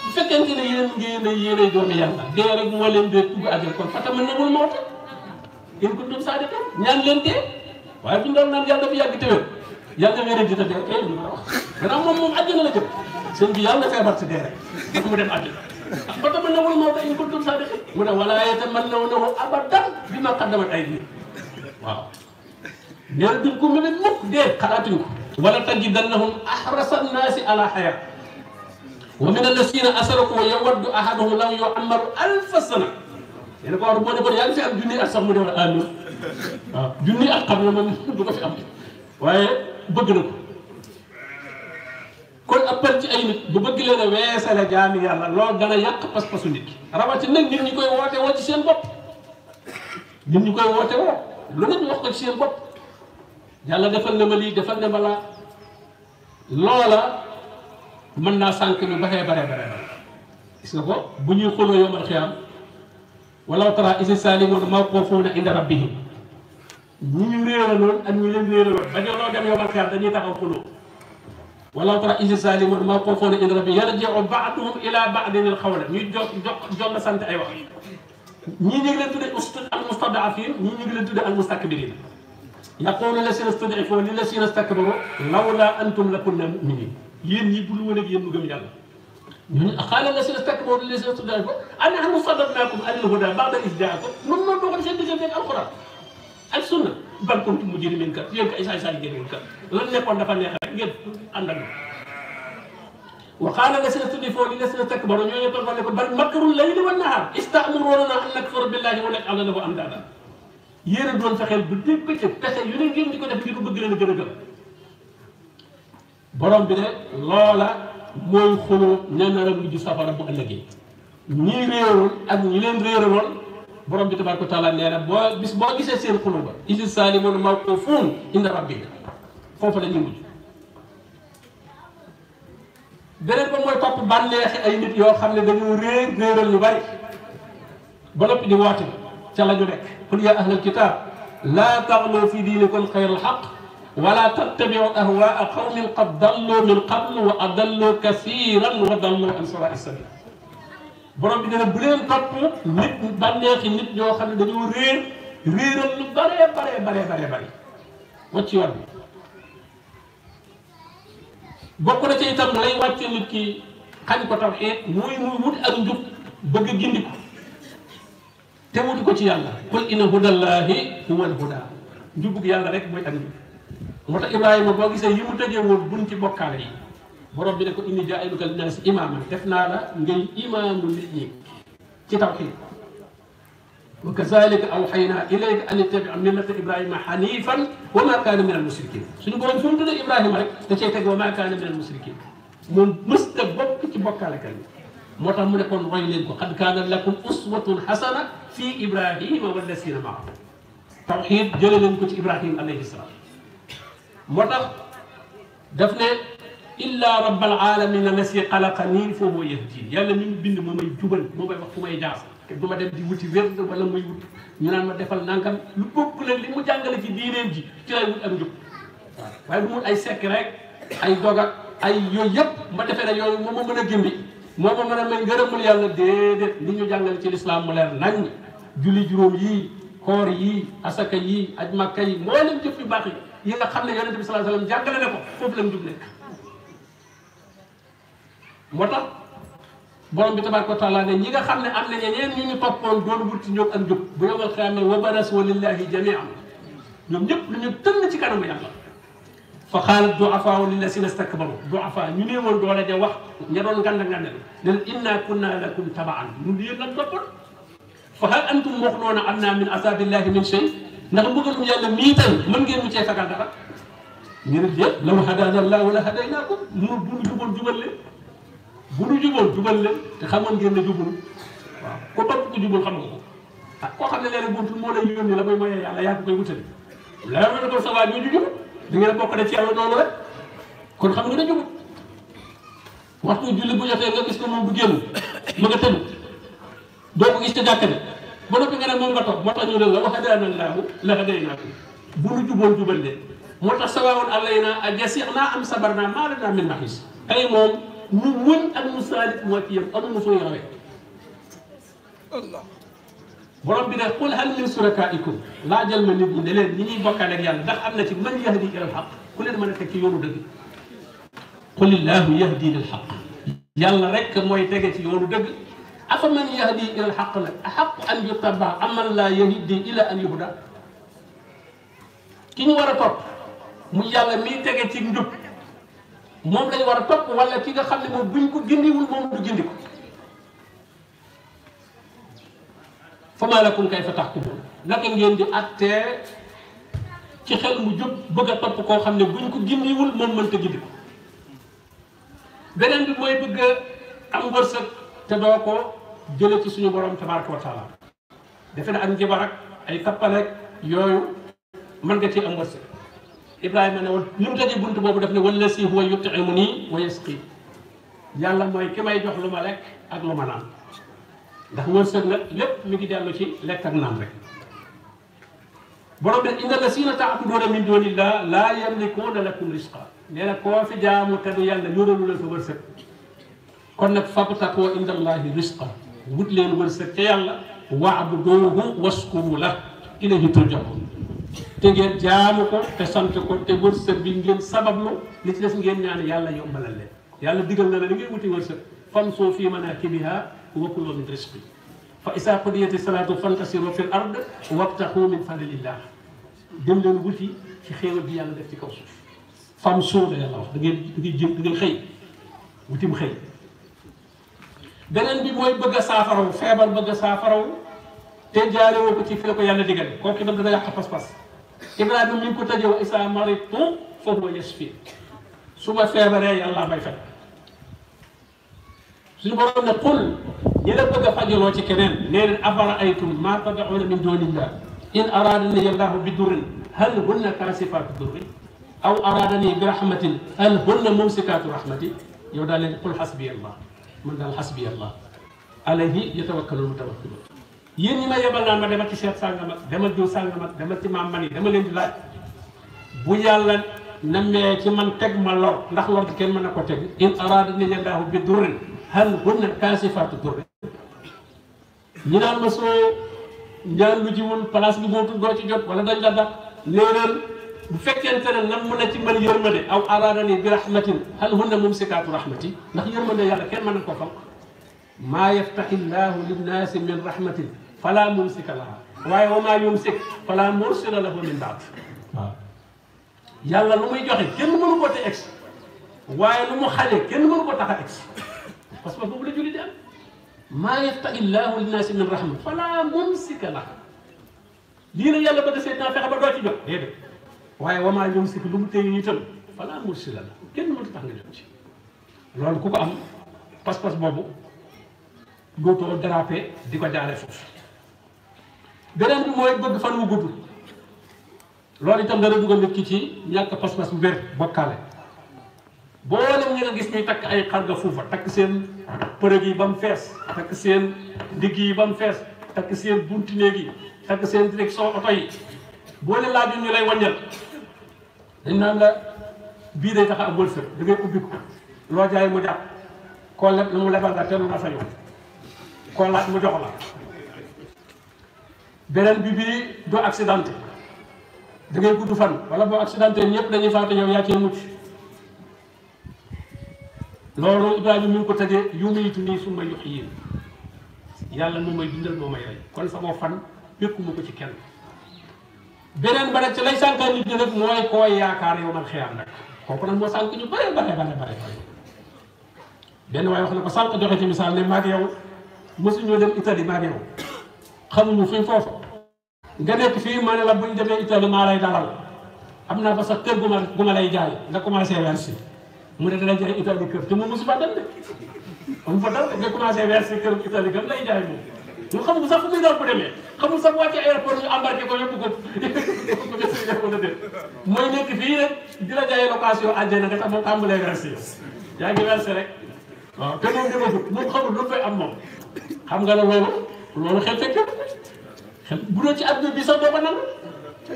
bu fekkente ne yéen ngeen a yéene doomi yàlla dee rek moo leen dee tugg ajal kon fata mën nagul moo tax in kuntum saadiqin ñaan leen tee waaye bu ñu doon naan yàlla dafa yàgg téwér yàlla wéeréen di ta dee tey ñu ko wax gannaaw moom moom àjjana la jëm sëñ bi yàlla na feebar si dee rek mu dem àjjana فتمنوا الموت إن كنتم صادقين من ولا يتمنونه أبدا بما قدمت أيديهم waaw neel duñ ko mën a mukk dee xalaatuñ ko wala tajidannahum ahrasa annaasi ala xaya wa min allasina asraku wa yawaddu ahaduhum law yuammaru alfa sana yéen ko war boo ne ko yaa ngi fi am junni at sax mu def amin waaw junni at xam na moom du ko fi am waaye bëgg na ko kon ëppal ay nit bu bëgg leen a weesale yàlla loolu dana yàq pas-pasu nit rawati nag nit ñi koy woote woo ci seen bopp nit ñi koy woote woo lu nañ wax ko ci seen bopp yàlla defal na ma lii defal na ma laa loola mën naa sànq lu baxee bare bare gis nga ko bu ñuy xuloo yawmal xiyaam walaw tara iza saalimuuna mawquufuuna inda rabbihim ñi ñu réeraloon ak ñi leen réeraloon ba ñoo loo dem yawmal xiyaam dañuy taxaw xuloo ولا ترى إن سالم ما قفون إن ربي يرجع بعضهم إلى بعض القول ني جو جو سانت أي واخ ني المستضعفين ني نيغ لا المستكبرين يقول الذين استضعفوا للذين استكبروا لولا أنتم لكنا مؤمنين يين ني بول وون يين نغم يالا قال الذين استكبروا للذين استضعفوا أنا مصدرناكم الهدى بعد إذ جاءكم نمر بغل سيدي جنبين القرآن ak sunna ban kuntu mujrimiin kat yéen ko ay saay saay génn kat loolu nekkoon dafa neex rek ngeen àndal wa qaala lasina studifoo li lasina takbaru ñooñu toog ne ko bal makarul layli wa nahaar istaamuroona an nakfara billahi wa najala lahu amdaada yéen a doon fexeel bu dégg bëccëg pexe yu ne ngeen di ko def ngir ko bëgg leen a gën a gëm borom bi ne loola mooy xuloo ña nar a mujj safara bu ëllëgee ñii réeroon ak ñi leen réeraloon برام بيت بارك تعالى نيانا بس بوا جيسي سير قلوبا إذا سالمون موقفون إن ربنا فوف لن يوجد بلن بو موي طاب بان ليخ أي نت يو خامل دنيو رير غير اللي بلوك دي واتي تعالى جو ديك قل يا أهل الكتاب لا تغلو في دينكم خير الحق ولا تتبعوا أهواء قوم قد ضلوا من قبل وأضلوا كثيرا وضلوا عن صلاة السبيل borom bi nee na bu leen topp nit bànneexi nit ñoo xam ne dañoo réer réeral lu bare bare bare bare wacc ci yoon bokk na ci itam lay wàcce nit ki xañ ko taw muy muy wut ak njub bëgg gindi ko te wuti ko ci yàlla qul inna hudallahi huwal huda njubug yàlla rek mooy ak njub moo tax Ibrahima boo gisee yi mu tëjee woon buñ ci bokkaale yi borom bi ne ko inni jaa'iluka linnaasi imaama def naa la ngay imaamu nit ñi ci tawxiid wa kazalika awxaynaa ilayka an ittabi millata ibrahima xanifan wa maa kaana min almusrikin suñu borom fu mu tuddee ibrahima rek da cay teg wa maa kaana min almusrikin moom mësta bokk ci bokkaalekat yi moo tax mu ne kon roy leen ko xad kaana lakum uswatun xasana fi ibrahima wallasina maahu tawxiid jële leen ko ci ibrahima alayhi salaam moo tax daf ne illa rabbal alamina la si xalaqa nii foo moo yahdi yàlla mi bind moo may jubal moo may wax fu may jaas te du ma dem di wuti wér wala muy wut ñu naan ma defal nankam lu bokk la li mu jàngale ci diineem ji ci lay wut am njub waaw waaye du mun ay sekk rek ay doga ay yooyu yëpp ma defee ne yooyu moo ma mën a gindi moo ma mën a may ngërëmul yàlla déedéet li ñu jàngale ci lislaam mu leer nañ julli juróom yii koor yii asaka yii aj makka yi moo leen jëf yu baax yi yi xam ne yonente bi sallallahu alayhi wasallam ko foofu la mu موتا بون بيتا باركو تالا ني نيغا خامني ام نيا نين ني توبون دور بوت نيوك ان جوب بو يوم القيامه وبرس ولله جميعا نيوم نيب ني تن سي كانو يالا فخال ضعفاء للذين استكبروا ضعفاء ني نيمون دولا دي واخ ني دون غاند غاند دل ان كنا لكم تبعا ني نيب فهل انتم مخلون عنا من عذاب الله من شيء نخ بوغلوم يالا ميتال من غير موتي فغال دا لو هدانا الله ولا هديناكم نور بون جوبون جوبل bu nu juboon jubal leen te xamoon ngeen ne jubul waaw ku topp ku nga ko ah koo xam ne leer buntu moo la koy moyee yàlla yaa ko koy wutali leer na ko ñoo jubul da ngeen bokk de ci yàlla noonu rek kon xam nga ne jubul waxtu julli bu jotee nga gis ko moom bu génn ma nga tëdd doo ko gis ca jàkk ba noppi nga ne moom nga toog moo tax ñu ne la wa hadaana llaahu la nu juboon jubal leen moo tax sawaawun alayna ajasiix naa am sabar naa maa lanaa min maxiis tey moom mu muñ ak mu saalit moo ci yëpp amul mu fay rawee allah borom bi ne qul hal min surakaikum laajal ma nit ñi ne leen ñi ñuy bokkaale ak yàlla ndax am na ci man yahdi ila alxaq ku leen mën a teg ci yoonu dëgg qul illahu yahdi lil xaq yàlla rek mooy tege ci yoonu dëgg afa man yahdi ila alxaq nag axaq an yutaba aman laa yahdi ila an yuhda ki ñu war a topp mu yàlla miy tege ci njub moo lañ war a topp wala ki nga xam ne moom buñ ko gindiwul moom du gindi ko fa maa lakum kayfa tahkumuun naka ngeen di attee ci xel mu jub bëgg a topp koo xam ne buñ ko gindiwul moom mënta gindi ko beneen bi mooy bëgg am wërsëg te doo ko jële ci suñu borom tabaaraka wa taala defe na ak njabar ak ay kappaleeg yooyu mën nga ci am wërsëg ابراهيم انا ول نمتدي بنت بوبو داف ني ولسي هو يطعمني ويسقي يالا موي كيماي جوخ لوما ليك اك لوما نان دا ورسك نا ليب ميغي ديلو سي ليك اك نان ريك بروم ان الذين تعبدون من دون الله لا يملكون لكم رزقا نيلا كو في جامو تاد يالا يورلو لا سو ورسك كون نك فابتكو عند الله رزقا وود لين ورسك تي يالا واعبدوه واسكروا له اليه ترجعون te ngeen jaamu ko te sant ko te wërsëg bi ngeen sabablu li ci des ngeen ñaan yàlla yombalal leen yàlla digal na la li ngay wuti wërsëg famsu fi manakibiha wa kulu min risqi fa isa qudiyati salatu fantasiru fil ard wabtahu min fadlillah dem leen wuti ci xéewal bi yàlla def ci kaw suuf famsu la yàlla wax da ngeen da ngeen jëm da ngeen xëy wutim xëy beneen bi mooy bëgg a saafaraw feebar bëgg a saafaraw تجاري وبتي فيلك يا نادي قال كم كم تدري حق بس بس إبراهيم من كتر جوا إسحاق ماري تو فهو يشفي سما في أبرياء الله ما يفعل سنبرأ نقول إذا بقى فجر الله كنن نير أفر أيكم ما تدعون من دون الله إن أرادني الله بدور هل هن كاسفات دور أو أرادني برحمة هل هن ممسكات رحمتي يودالين قل حسبي الله من قال حسبي الله عليه يتوكل المتوكلون yéen ñi ma yebal naan ma demal ci seet sàngama demal jiw sàngama demal ci maam man yi dama leen di laaj bu yàlla namee ci man teg ma lor ndax lor bi kenn mën na ko teg in araada ni yendaahu bi durrin hal hunna kaasifaatu durri ñi naan ma soo ñaan lu ji wul place bi mootul doo ci jot wala dañ la dàq léeral bu fekkente ne nam mën a ci man yërmande aw araada ni bi rahmatin hal hunna mumsikaatu rahmati ndax yërmande yàlla kenn mën na ko fam ما يفتح الله للناس من رحمة فلا ممسك لها waaye wa maa yumsik falaa mursila lahu min baad waaw yàlla lu muy joxe kenn mënu ko te ex waaye lu mu xale kenn mënu ko tax a ex parce que boobu la julli di am maa yaftaqi llaahu linnaasi min rahma falaa mumsika laha lii la yàlla ba desee naa fexe ba doo ci jot déedéet waaye wa maa yumsik lu mu téye itam falaa mursila la kenn mënu tax nga jot ci loolu ku ko am pas-pas boobu dootoo dérapé di ko jaare suuf beneen bi mooy bëgg fan wu gudd loolu itam dana dugal nit ki ci ñàkk pas-pas bu wér bokkaale boo leen ñu nga gis ñuy takk ay xar nga fuufa takk seen përëg yi ba mu fees takk seen ndigg yi ba mu fees takk seen bunti néeg yi takk seen direction oto yi boo leen laajoon ñu lay wàññal dañ naan la bii day tax a am wërsëg da ngay ubbi ko loo jaay mu jàpp koo leb lu mu lebal nga te lu nga fayoo ko laaj mu jox la beneen bi bii doo accidenté da gudd fan wala boo accidenté ñëpp dañuy faatu yow yaa cee mucc loolu Ibrahima mi ngi ko tëjee yumiitu nii summa yuhyiin yàlla nu may dundal moo may rey kon sama fan fekkuma ko ci kenn beneen ba nag ci lay sànqal nit ñi nag mooy kooy yaakaar yow man xiyaam nag kooku nag moo sànq ñu bare bare bare bare benn waaye wax na ko sànq joxe ci misaal ne maag yow mosuñoo dem Italie maa ngi yow xamuñu fii foofu nga nekk fii ma la buñ demee Italie maa lay dalal am naa fa sax kër gu ma gu ma lay jaay nga commencé verser mu ne dana jaay Italie kër te mu mosu fa dem de am fa dal nga commencé verser kër Italie kër lay jaay moom mu xamul sax fu muy daal bu demee xamul sax wàcce aéroport ñu embarqué ko yóbbu ko ko na dé mooy nekk fii rek di la jaay location àjjana nga tax moom tàmbalee verser yaa ngi verser rek waaw te moom demagul moom xamul lu fay am moom xam nga ne loolu loolu xel fekk xel bu doon ci adduna bi sax doo ko nangu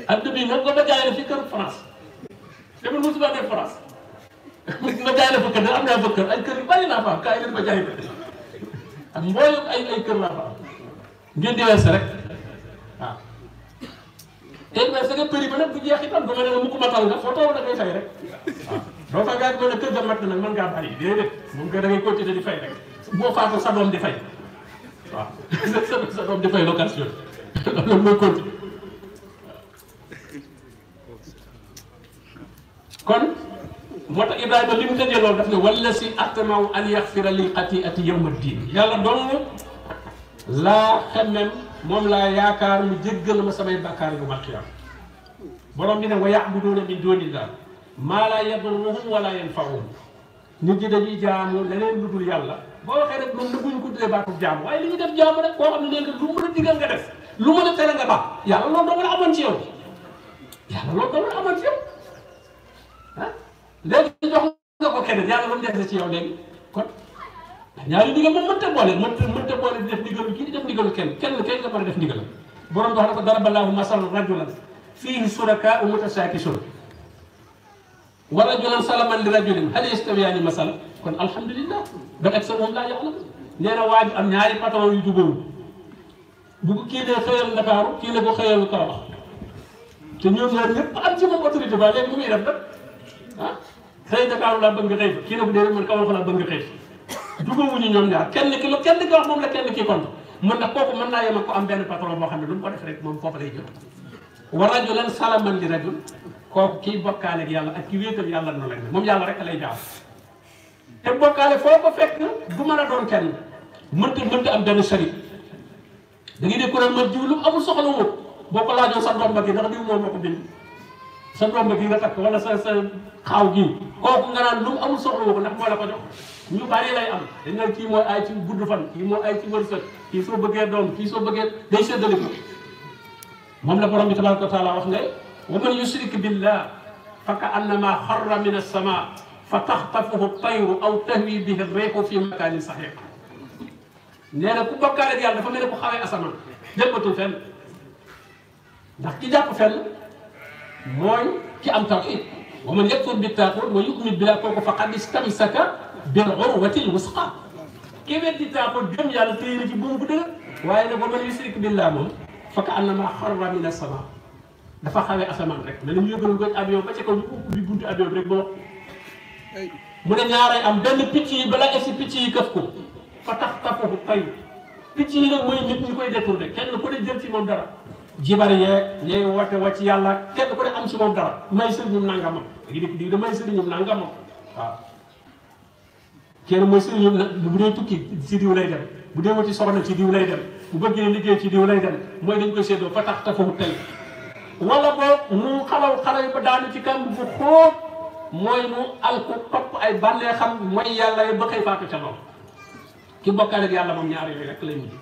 adduna bi nga nga jaay la fi kër France demal mosuma dem France nga jaay la fa am naa fa kër ay kër yu bari laa fa kaay leen ma jaay ak mboolem ay ay kër laa fa ngeen di wees rek waaw tey wees nga përi ba nag bu jeex itam dama matal nga da ngay fay rek fa ko ga mat na nag mën ngaa bàyyi déedéet moom da ngay continuer di fay rek boo faatu sa doom di fay waaw sa doom dafay location loolu <laughs> mooy kon moo tax Ibrahima li mu tëjee loolu daf ne wala si atamaaw an yaxfira li xatiati yowma diin yàlla dong laa xemem moom laa yaakaar mu jéggal ma samay bàkkaar yu ma xiyaam borom bi ne wa yaabuduuna min duunillah maa laa yadurruhum wala yanfa'uhum nit ñi dañuy jaamu leneen lu yàlla. boo waxee rek moom dëgguñu ko tuddee baatu jaamu waaye li ñu def jaamu rek koo xam ne léegi lu mu la digal nga def lu mu la tere nga baax yàlla loolu dong la amoon ci yow yàlla loolu dong la de ci yow ah léegi jox nga ko keneen yàlla ba mu dese ci yow léegi kon ñaari ndigal moom mënta boole mënta mënta boole di def ndigalu kii di def ndigalu kenn kenn kenn nga mën a def ndigalam borom wax na ko daraba laahu wa rajulan salaman li rajulin hal yastawiyaani masalan kon alhamdulillah ba ak sa moom laa yàq la nee na waa ji am ñaari patron yu jubóowul bu ko kii nee xëyal Ndakaaru kii ne ko xëyal Kaolack te ñoom ñaar ñëpp am ci moom autorité ba léegi mu muy def nag ah xëy Ndakaaru laa bëgg nga xëy kii ne ko déedéet man Kaolack laa bëgg nga xëy jubóowuñu ñoom ñaar kenn ki la kenn ki wax moom la kenn ki compte mën na kooku mën naa yem ak ko am benn patron boo xam ne lu mu ko def rek moom foofu lay jëm wa rajulan salaman li rajul kooku kii bokkaale ak yàlla ak ki wéetal yàlla noonu la moom yàlla rek lay jaam te bokkaale foo ko fekk du man a doon kenn mënta mënta am benn sëriñ da ngay dégg ku ne ma jiw lu amul soxla woo boo ko laajoon sa ndomba gi ndax sa ndomba gi gi kooku nga naan lu mu amul soxla woo ndax moo la jox ñu bari lay am dañ naan kii mooy ay ci gudd fan kii mooy ay ci wërsëg kii soo bëggee doom kii soo bëggee day séddale ko moom la borom bi tabaaraka wa taala wax ne ومن يشرك بالله فكأنما خر من السماء فتخطفه الطير او تهوي به الريح في مكان صحيح نانا كو بكار ديال دا فامي نكو خاوي اسمان جيبتو فن دا كي جاب فن موي كي ام توحيد ومن يكفر بالتاخر ويؤمن بلا فوق فقد استمسك بالعروه الوثقى كي ويل دي تاخر جيم يالا تيري في بومبو دغ واي نكو من يشرك بالله مون فكانما خر من السماء dafa xawee asamaan rek ne nañu yóbbu goj avion ba ca kaw ñu ubbi buntu avion rek boo mu ne ñaaray am benn picc yi bala si picc yi këf ko fa tax tafufu tayu picc yi nag mooy nit ñi koy détourné kenn ku ne jël ci moom dara jibar yee ñooy woote wàcc yàlla kenn ku ne am ci moom dara may sëriñum nangamam léegi dégg dégg da may sëriñum nangamam waaw kenn mooy sëriñum bu dee tukki ci diw lay dem bu dee wuti soxna ci diw lay dem bu bëggee liggéey ci diw lay dem mooy dañ koy séddoo fa tax tafufu tayu wala boog mu xalaw xalaw ba daanu ci kam bu ko moy mu ko top ay bàllee xam moy yalla ay ya bakay faatu ci mom ki bokkaal ak yalla mom ñaar yoy rek lay mujj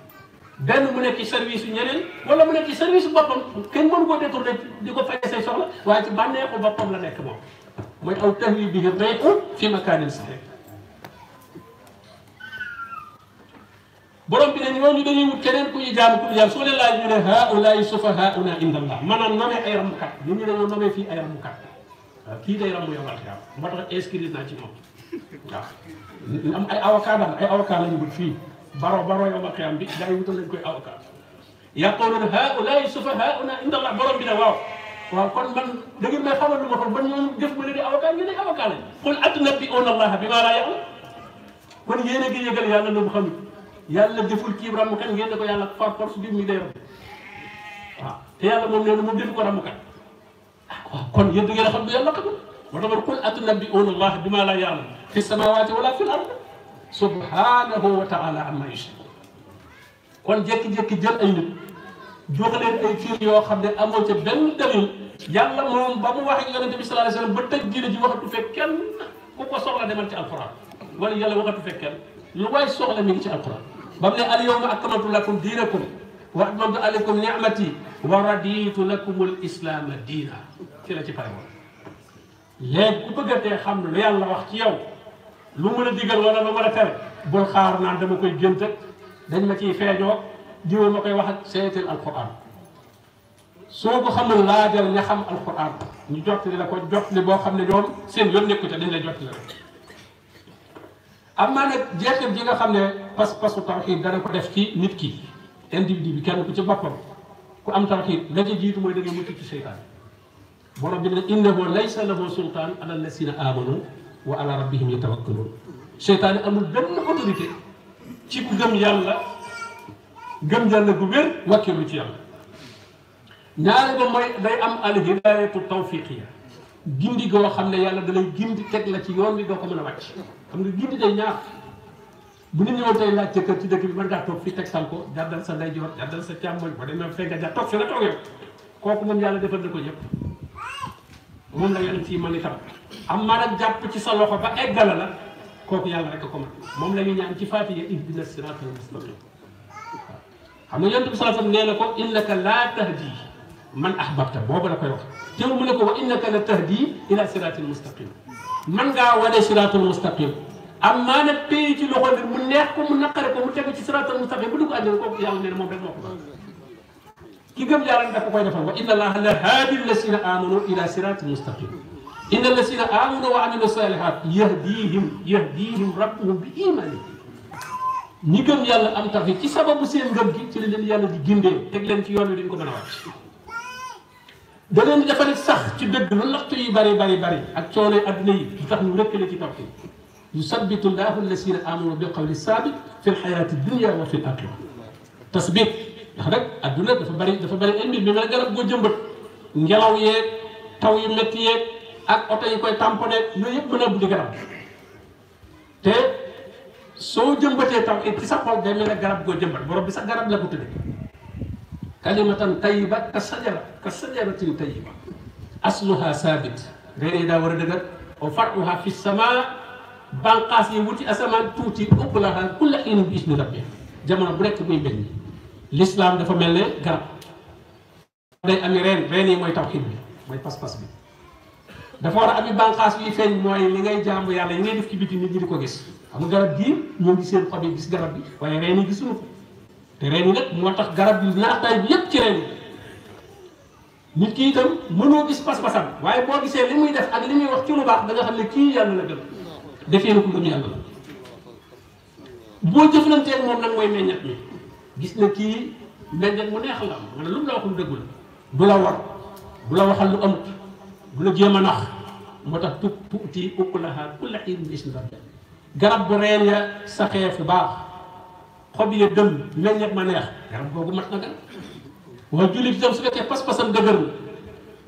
ben mu nekk ci service ñeneen wala mu nekk ci service bopam kenn mënu ko détourné di ko fay say soxla way ci bànneexu bopam la nekk mom moy aw tahwi bihi rek fi makanin sahih borom bi ne ñooñu dañuy wut keneen ku ñu jaamu ku ñu jaamu soo leen laaj ñu ne haulaay sufahauna inda allah maanaam namee ay ramukat nit ñi dañoo namee fii ay ramukat waaw kii day ramu yow alxiyaam moo tax inscrire naa ci moom waaw am ay avocat daal ay avocat lañu wut fii baro baro yow alxiyaam bi gars yi wutal lañ koy avocat yaquluuna haulaay sufahauna inda allah borom bi ne waaw waaw kon man da ngeen may xamal lu ma ko ban ñooñu def ma ne di avocat ngeen ay avocat lañ qul atunabbi'uuna allaha bimaa laa ya'lam kon yéen a ngi yëgal yàlla lu mu xamul yàlla deful kii ràmmkat ngeen ne ko yàlla par force bi muy day ram waaw te yàlla moom nee na moom defu ko ràmmkat ah, waaw kon yéen da ngeen a xam ne yàlla xamul moo tax qul atunabbi'una allaha bima la ya'lam fi samawati wala fi l-ard subhanahu wa ta'ala amma yushrikun kon jékki-jékki jël ay nit jox leen ay fiir yoo xam ne amoo ca benn dalil yàlla moom ba mu wax ak yonente bi sallallahu alayhi wa sallam ba tëj diine ji waxatu fekk kenn ku ko soxla demal ci alquran wala yàlla waxatu fekk kenn lu waay soxla mi ngi ci alquran بابل اليوم اكملت لكم دينكم واتممت عليكم نعمتي ورديت لكم الاسلام دينا كي لا تي باي ليك كو بغا تي خام لو يالا واخ تي ياو لو مولا ديغال ولا لو مولا فير بول خار نان نعم داما كوي جنت دنج ما تي فيديو ديو ما كوي واخ سيت القران سوكو خام لا دال ني خام القران ني جوت لي لا كو جوت لي بو خام ني جوم سين يون نيكو تي دنج لا جوت لي am naa nag jeexit ji nga xam ne pas-pasu tawxiid dana ko def ci nit ki individu bi kenn ku ci boppam ku am tawxiid la ca jiitu mooy da ngay mucc ci seytaan borom bi ne innahu laysa lahu sultaan ala allasina amanu wa ala rabbihim yatawakkaluun seytaan amul benn autorité ci ku gëm yàlla gëm yàlla gu wér wàkkeelu ci yàlla ñaare ba mooy day am al hidaayatu tawfiqiya gindi goo xam ne yàlla da lay gindi teg la ci yoon bi doo ko mën a wàcc xam nga gindi day ñaar bu ñu ñëw tey laaj ca kër ci dëkk bi mën ngaa toog fii tegsal ko jàddal sa ndeyjoor jàddal sa càmmoñ boo demee fekk nga toog fi nga toog yow kooku moom yàlla defal na ko ñëpp moom la yàlla ci mën itam am maanaam jàpp ci sa loxo ba eggala la kooku yàlla a ko mën moom la ñuy ñaan ci fatiha ihdina siraatal mustaqim xam nga yonent bi sallallahu alayhi nee na ko innaka laa tahdi man ahbabta boobu la koy wax teew mu ne ko wa innaka la tahdi ila siraatil mustaqim mën ngaa wane siraatul mustaqim am maa nag téye ci loxo bi mu neex ko mu naqare mu tegu ci siraatul mustaqim bu dugg àjjana kooku yàlla nee na moom rek moo ko ki gëm yàlla dafa koy defal wa inna allaha la haadi allasina amanu ila siraatil mustaqim inna allasina amanu wa amilu salihat yahdihim yahdihim rabbuhum bi imanihim ñi gëm yàlla am tafi ci sababu seen ngëm gi ci la leen yàlla di gindee teg leen ci yoon wi dañ ko mën da leen di defarit sax ci dëgg lu lott yu bari bari bari ak coono adduna yi du tax ñu rëkkale ci topp yi yusabitu llahu allasina amanu bi qawli sabit fi lxayati dunia wa fi l'axira tasbit ndax nag adduna dafa bari dafa bari ay mbir bi mel garab goo jëmbat ngelaw yeeg taw yu métti yeeg ak oto yi koy tamponné yooyu yëpp mën a buddi garab te soo jëmbatee taw it ci sa xol day mel ne garab goo jëmbat borom bi sax garab la ko tëddee kalimatan tayyiba kasajara kasajara tin tayyiba asluha sabit gari da wara daga wa farduha fi sama banqas yi wuti asaman ubla uplaha kullu in bi ismi rabbi jamana bu rek muy benni l'islam dafa melne garab day ami ren ren yi moy tawhid bi moy pass pass bi dafa wara ami banqas yi feñ moy li ngay jambu yalla ngay def ci biti nit di ko gis xam garab gi ñoo ngi seen xobi gis garab bi waye ren yi gisunu ko reen yi nag moo tax garab yu naataay bi yépp ci reen nit ki itam mënoo gis pas-pasam waaye boo gisee li muy def ak li muy wax ci lu baax da nga xam ne kii yàlla la gëm defee na ko gëm yàlla boo jëflanteeg moom nag mooy meññat mi gis na kii meññat mu neex la am lu mu la waxul dëggu la la war du la waxal lu amut du la jéem a nax moo tax tu tuuti ukulaha kulla hiin bi ismi rabbih garab bu reen ya saxee fu baax xob yi ya dëm meññeef ma neex yaram googu mat na gan waaye jullit tam su fekkee pas-pasam dëgër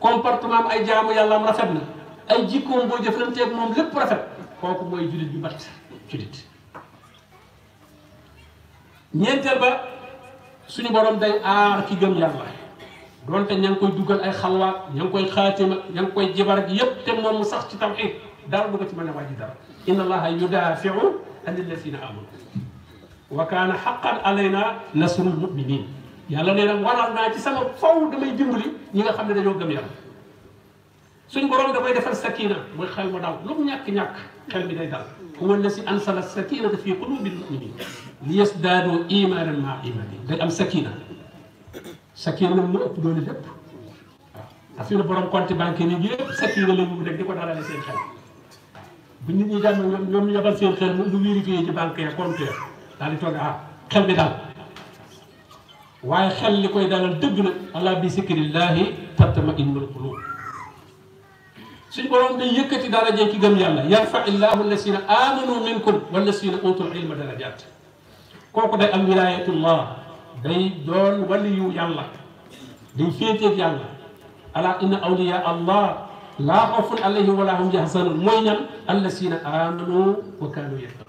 comportement ay jaamu yàlla am rafet na ay jikkoom boo jëflanteeg moom lépp rafet kooku mooy jullit bi mat jullit ñeenteel ba suñu borom day aar ki gëm yàlla donte ña koy duggal ay xalwaat ña ngi koy xaatima ña koy jibar ak yépp te moom mu sax ci tawxiid dara du ko ci mën a wàññi dara inna allaha yudafiu an illazina amanu وكان حقا علينا نصر المؤمنين يالا نينا ورال نا سي سما فاو دامي ديمبلي نيغا خامني دانيو گم يالا سون بوروم دا فاي ديفال سكينه موي خيل ما داو لو نياك نياك خيل مي داي دال هو الذي انزل السكينه في قلوب المؤمنين ليزدادوا ايمانا مع ايمانهم داي ام سكينه سكينه مو اوب دوني ليپ آه. افيو بوروم كونتي بانكي ني ييپ سكينه لو مو ديك ديكو دالالي سين خيل بو نيت ني دام نيوم نيوبال سين خيل مو دو فيريفيي سي بانكي كونتي daal di toog ne ah xel mi daal waaye xel li koy dalal dëgg nag ala bi zikrillahi tatma innul qulub suñu borom day yëkkati daraja ki gëm yàlla yarfa illahu allasina amanu minkum wallasina utul ilma darajat kooku day am wilayatullah day doon waliyu yàlla day féeteeg yàlla ala inna awliya allah laa xawfun alayhim wala hum yahzanun mooy ñan allasina amanu wa kanu yattaqun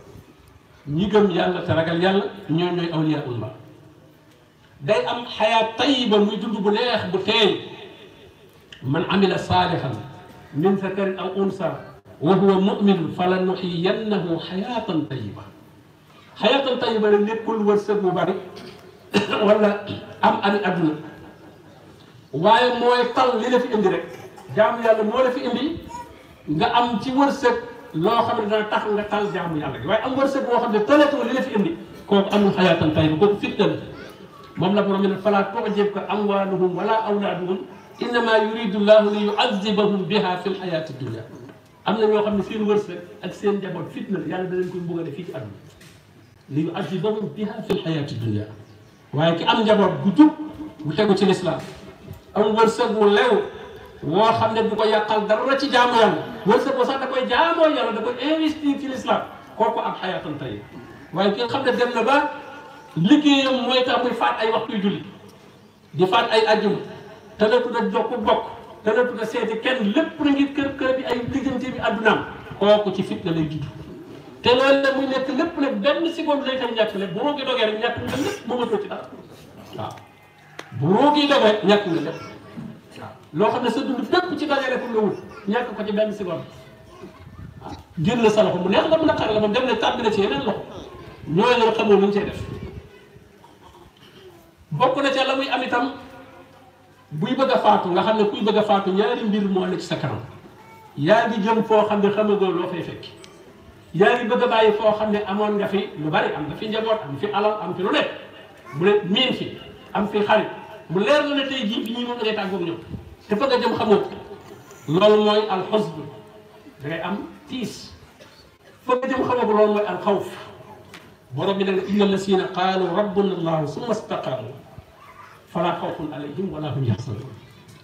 نيجم يالا تراجل يالا نيو نيو أولياء الله داي أم حياة طيبة ميدون بوليخ بوتين من عمل صالحا من ذكر أو أنثى وهو مؤمن فلنحيينه حياة طيبة حياة طيبة لنبقى الورسد مباري ولا أم أن أدنى waye moy tal li la fi indi rek jaamu yalla mo la fi indi nga am ci wërseuk loo xam ne dana tax nga tal jaamu yàlla gi waaye am wërsëg boo xam ne tëlatoo li la fi indi kooku amul xayaatan tayyiba kooku fitna la moom la borom ne falaa tu'jibka amwaaluhum wala awlaaduhum innama yuridu llahu li yu'azzibahum biha fi l-hayaati dunya am na ñoo xam ne seen wërsëg ak seen njaboot fitna la yàlla da leen koy mbugale fii ci àdduna li yu'azzibahum biha fi l-hayaati dunya waaye ki am njaboot gu jub bu tegu ci lislaam am wërsëg wu lew moo xam ne du ko yàqal dara ci jaamu yàlla wërsëg ko sax da koy jaamoo yàlla da koy investir ci kooku am xayatan tey waaye ki xam ne dem na ba liggéeyam mooy tax muy faat ay waxtuy julli di faat ay ajjum te la da jokk bokk te la tudd seeti kenn lépp na kër kër bi ay liggéeyante bi addunaam kooku ci fitna lay judd te loolu la muy nekk lépp nag benn seconde lay tax ñàkk lépp bu roogee dogee rek ñàkk nga lépp mënatoo ci dara waaw bu roogee dogee loo xam ne sa dund bépp ci dajale pour nga wut ñàkk ko ci benn si bon ah génn sa loxo mu neex la mu naqar la moom dem na tàbbi na ci yeneen loxo ñooñu la xamoo luñ cay def bokk na ca la muy am itam buy bëgg a faatu nga xam ne kuy bëgg a faatu ñaari mbir moo ne sa kanam yaa di jëm foo xam ne xamagoo loo fay fekk yaa ngi bëgg bàyyi foo xam ne amoon nga fi lu bari am nga fi njaboot am fi alal am fi lu nekk mu ne miin fi am fi xarit mu leer la ne tey jii bi ñuy moom da ngay tàggoog ñoom te fa nga jëm xamoo loolu mooy alxusb da ngay am tiis fa nga jëm xamoo loolu mooy alxawf borom bi nag inna lasina qaalu rabbuna allahu summa staqaamu fala xawfun alayhim wala hum yaxsanun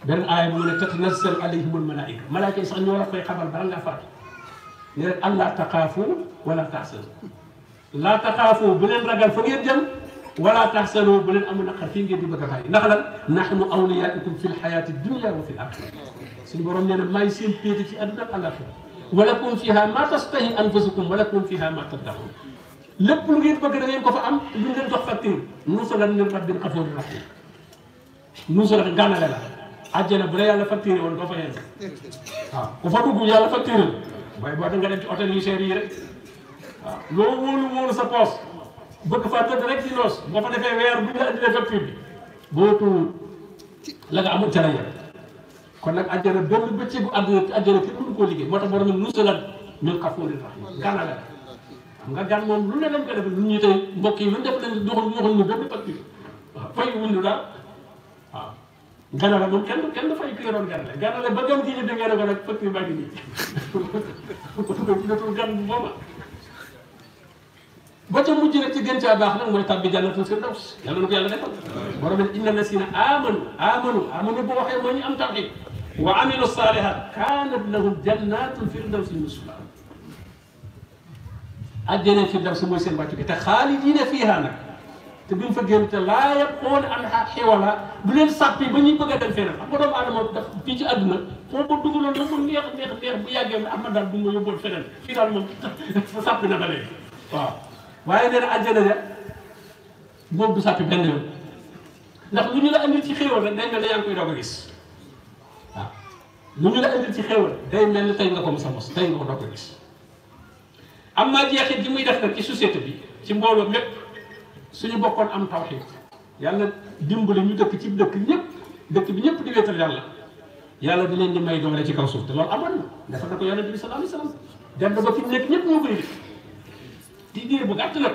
beneen aaya bu mu ne tatanazzal alayhim almalaika malaaka yi sax ñoo la koy xamal bala ngaa faatu ne leen an laa taqaafu wala taxsanu laa taqaafu bu leen ragal fa ngeen jëm wala taxsanu bu leen amul naqar fii ngeen di bëgg a bàyyi ndax lan nahnu awliyaukum fi lxayaati dunia wa fi laxira suñu borom nee na maay seen péete ci àdduna ak alaxira walakum fiha ma tastahi anfusukum walakum fiha ma taddaxun lépp lu ngeen bëgg da ngeen ko fa am lu ngeen jox facture nusulan min rabbin xafuur rahim nusulan gànnale la àjjana bu la yàlla facturé woon doo fa yéen waaw ku fa dugg yàlla facturé waaye boo da nga dem ci hôtel yu cher yi rek waaw loo wóolu wóolu sa poos bëgg faa tëdd rek ci noos boo fa defee weer bu ñu la indilee facture boo tuur la nga amul cere ya kon nag àjjana benn bëccëgu àdduna àjjana kenn mënu koo liggéey moo tax borom nusalan min xafuurin rahiim gànna la xam nga gan moom lu ne lañ ko def ñun ñu tey mbokk yi lu ñu def leen doxul doxul ñu benn facture waaw fay wuñu daal waaw gànna la moom kenn kenn fay ku yoroon gànna la gànna la ba gan kii ñu dëngee na ko nag facture baa ngi nii gan <laughs> booba ba ca mujj rek ci gën caa baax nag mooy tàbbi jannatul firdaws yàlla na ko yàlla defal borom ne inna lasina amanu amanu amanu bu waxee moo ñu am tawxid wa amilu salihat kaanat lahum jannatul firdaws nusula ajjana firdaws mooy seen wàccu gi te xaalidina fiiha nag te bi mu fa génn te laa yabquuna anhaa hiwala du leen sàppi ba ñuy bëgg a dem feneen xam nga doomu aadama daf fii ci àdduna foo ko dugaloon la mu neex neex neex bu yàggee am na daal du ma yóbboon feneen fii daal moom <laughs> sàppi na ba léegi waaw waaye nee na àjjana ja moom bu sàppi benn yoon ndax lu ñu la andil ci xéewal rek day a gis waaw lu ñu la ci xéewal day mel ne tey nga ko mos a mos tey nga ko doog a gis am naa jeexit bi muy def nag ci société bi ci mbooloo mépp suñu bokkoon am tawxiid yàlla dimbali ñu dëkk ci dëkk ñëpp dëkk bi ñëpp di wéetal yàlla yàlla di leen di may doole ci kaw suuf te loolu amoon na dafa na ko yonent bi sallallahu alayhi wasallam dem na ba fi mu nekk ñëpp ñoo koy def ci diir bu gàtt nag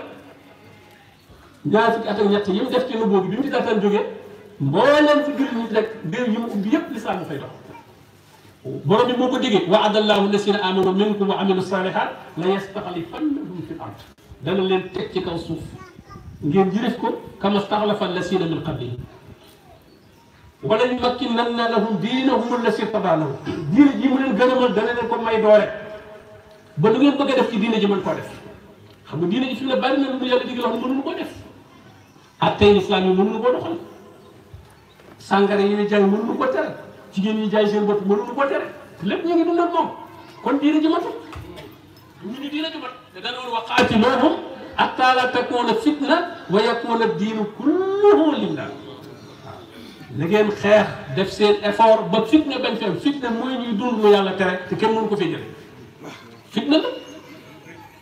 ñaar fukki at ak ñett yi mu def ci nubboo bi bi mu ci daataan jógee mbooleem fi jullit ñi rek réew yi mu ubbi yëpp lislaam dafay dox borom bi moo ko digee waada allahu lasina amanu minkum wa amilu salihat la yastaxlifannahum fi l ard dana leen teg ci kaw suuf ngeen jërëf ko kama staxlafa lasina min qablihim wala yumakkinanna lahum diinahum allasi tadaa lahum diine ji mu leen gënamal dana leen ko may doole ba du ngeen bëgg a def ci diine ji mën koo def xam nga diine ji fi mu bari na lu yàlla digal wax mënuñu ko def ak tey islam yi mënuñu ko doxal sàngara yi jàng jaay mënuñu ko tere jigéen ñi jaay seen bopp mënuñu ko tere lépp ñu ngi dund ak moom kon diine ji ma ñu ni diine ji mat te da doon waqaatiluhum hatta la takuna fitna wa yakuna diinu kulluhu lillah na ngeen xeex def seen effort ba fitna bañ fi am fitna mooy ñuy dund lu yàlla tere te kenn mënu ko fi jël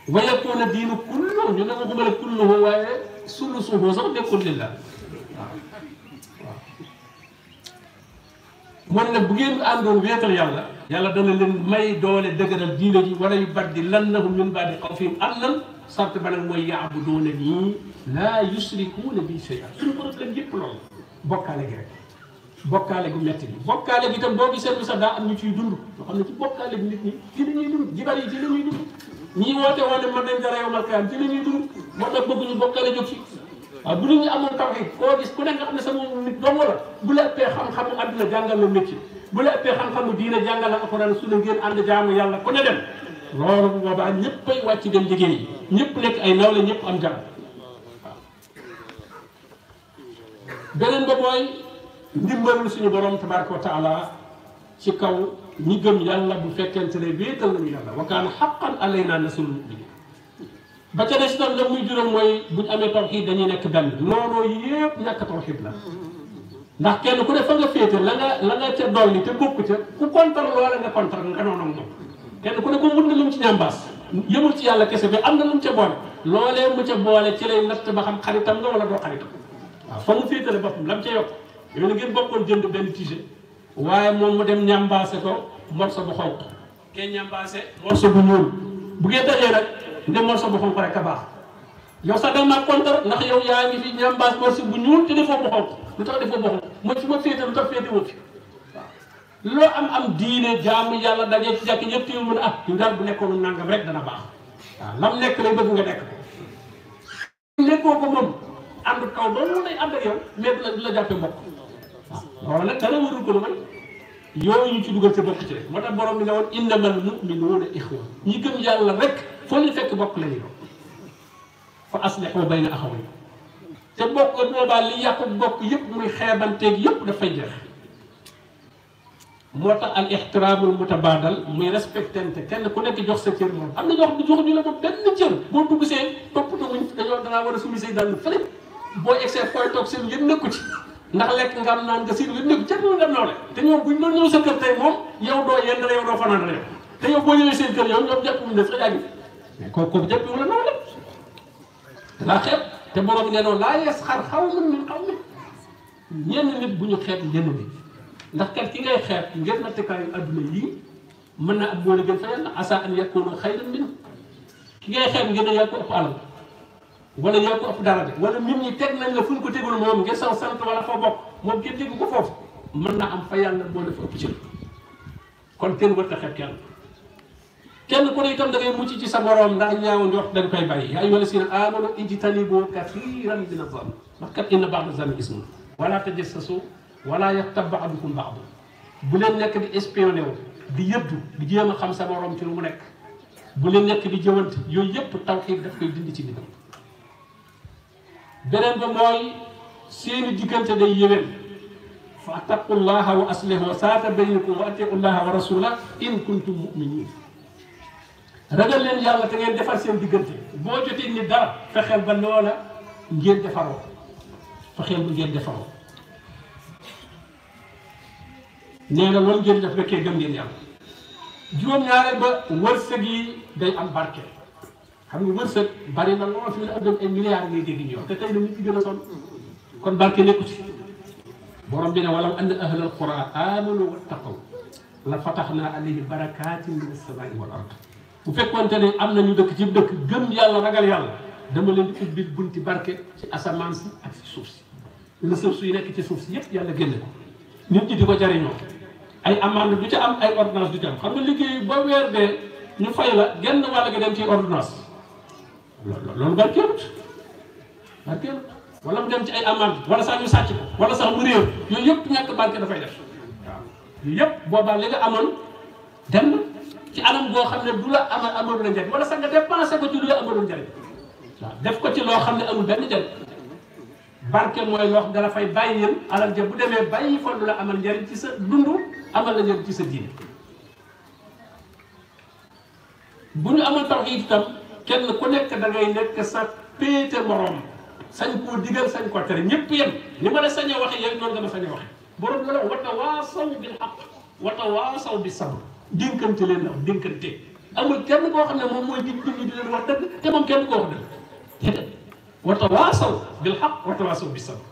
wa yakuuna diinu kulluhu ñu ne ma gumale kulluhu waaye sulu suufoo sax nekkul lillah waaw waaw. mu ne bu ngeen àndoon wéetal yàlla. yàlla dana leen may doole dëgëral diine ji wala yu baddi lan nahum min baadi xawfihim amnan sart ba nag mooy yaabuduuna nii laa yusrikuuna bi shay'an suñu problème yëpp loolu. bokkaale gi rek bokkaale gu metti bi bokkaale gi itam boo gisee lu sax daa am ñu ciy dund loo xam ne ci bokkaale gi nit ñi ci la ñuy dund jibar yi ci la ñuy dund. ñi woote woon ne mën nañ dara yow malkaan ci la ñuy moo tax bëgguñu bokkale jóg ci bu nit ñi amoon taw koo gis ku ne nga xam ne sama nit dong la bu la ëppee xam àdduna jàngal la métier bu la ëppee xam-xamu diina jàngal la alxuraan su la ngeen ànd jaamu yàlla ko ne dem loolu bu boobaa ñëpp ay wàcc dem liggéey ñëpp nekk ay nawle ñëpp am jàmm waaw beneen ba mooy ndimbalul suñu borom tabaraka wa taala ci kaw ñi gëm yàlla bu fekkente ne wéetal nañu yàlla wa kaana xaqan alaynaa nasrul muminin ba ca des itam la muy juróom mooy buñ amee tawxiid dañuy nekk benn noonu yëpp ñàkk tawxiid la ndax kenn ku ne fa nga féete la nga la nga ca dolli te bokk ca ku kontar loola nga kontar nga noonu ak moom kenn ku ne ko mën na lu mu ci ñambaas yëmul ci yàlla kese bi am na lu mu ca boole loolee mu ca boole ci lay natt ba xam xaritam nga wala doo xaritam waaw fa mu féetale boppam la mu ca yokk yooyu na ngeen jënd benn tige waaye moom mu dem ñambaase ko morso bu xonq kee ñambaase morso bu ñuul bu ngeen dajee rek nde morso bu xonq rek a baax yow sax danga maa kontar ndax yow yaa ngi fi ñambaas morso bu ñuul te defoo bu xonq lu tax defoo bu xonq mooy ma féete lu tax féete woo fi waaw am am diine jaamu yàlla dajee ci jàkk ñëpp téew a ah, bu nekkoon nangam rek dana baax waaw lam nekk lay bëgg nga nekk nekkoo ko moom ànd kaw ànd yow mais du la du la jàppe mbokk waaw nag dana warul ko lu man yooyu ñu ci dugal sa bokk ci rek moo tax borom bi nga woon innamal mu'minuuna ixwa ñi gëm yàlla rek foo leen fekk bokk la ñu fa aslihu bayna axaway te bokk boobaa li yàqu bokk yëpp muy xeebanteeg yëpp dafay jeex moo tax al ixtiraamul mutabaadal muy respectante kenn ku nekk jox sa cër moom am na ñoo xam ne joxuñu la moom benn cër boo dugg seen topp dugguñ dañoo dangaa war a sumi say dàll boo egsee fooy toog ci ndax lekk nga naan nga siiw yëpp ñëpp jënd nga noole te ñoom buñ doon ñëw sa kër tey moom yow doo yend yow doo fanaan yow te yow boo seen kër yow ñoom jàpp nañ la sax yaa ngi mais kooku kooku jàpp wala te borom nee noonu laa yees xar min xaw ma ñenn nit bu ñu xeeb ñenn nit ndax kat ki ngay xeeb ngir nattukaayu adduna yii mën na am moo la gën fa yàlla asa an yakunu xayran min ki ngay xeeb ngir ne yaa ko ëpp alal wala yaa ko ëpp dara de wala nit ñi teg nañ la fu ñu ko tegul moom nga saw sant wala fa bokk moom kenn dégg ko foofu mën naa am fa yàlla moo def ëpp ci kon kenn war a xeeb kenn kenn ku ne itam da ngay mucc ci sa borom ndax ñaaw ndox da nga koy bàyyi yaa ayyuhaa lazina aamanu ijtanibu kathiran mina zann ndax kat inna ba'da zanni ismun wala tajassasu wala yagtab ba'dukum ba'dan bu leen nekk di espionné wu di yëddu di jéem a xam sa borom ci lu mu nekk bu leen nekk di jëwante yooyu yëpp tawxiid daf koy dindi ci nit beneen ba mooy seeni diggante day yéwén fa attaqullaha wa aslihu saata baynakum wa atiqullaha wa rasula in kuntum muminin ragal leen yàlla te ngeen defar seen diggante boo jotee ni dara fexeel ba loola ngeen defaroo fexeel ba ngeen defaroo nee na loolu ngeen def fekkee gëm ngeen yàlla juróom-ñaare ba wërsëg yi day am barke xam nga wërsëg bari na lool fi la ëpp ay milliards dégg ñuy wax te tey dañu ci gën a sonn kon barke nekku ci borom bi ne walaw anna ahlal qura amanu wattaqaw la fatahnaa alayhi barakatin min as-samaa'i wal ard bu fekkoonte ne am na ñu dëkk ci dëkk gëm yàlla ragal yàlla dama leen di ubbil bunti barke ci asamaan si ak si suuf si ressources yi nekk ci suuf si yëpp yàlla génn ko nit ñi di ko jariñoo ay amande du ca am ay ordonnance du ca am xam na liggéey ba weer dee ñu fay la genn wàll gi dem ci ordonnance loolu barkeelut barkeelut wala mu dem ci ay amande wala sax ñu sàcc ko wala sax mu réer yooyu yëpp ñàkk barke dafay def yëpp boobaa li nga amoon dem na ci anam goo xam ne du la amal amaloon njëriñ wala sax nga dépensé ko ci du la amaloon njëriñ waaw def ko ci loo xam ne amul benn njëriñ barke mooy loo xam dala fay bàyyi yéen alal ja bu demee bàyyi fa du la amal njëriñ ci sa dund amal la njëriñ ci sa diine bu ñu amal tawxiid itam kenn ku nekk da ngay nekk sa péete morom sañ ko digal sañ ko tere ñepp yem ni ma la sañ a waxee non nga ma sañ a borom la la wata waasaw bil haqq wa waasaw bis sabr dinkante len la dinkante amul kenn ko xamne mom moy mooy dig nit ñi di len wax deug te mom kenn ko wax dëgg te bil haqq wa waasaw bis sabr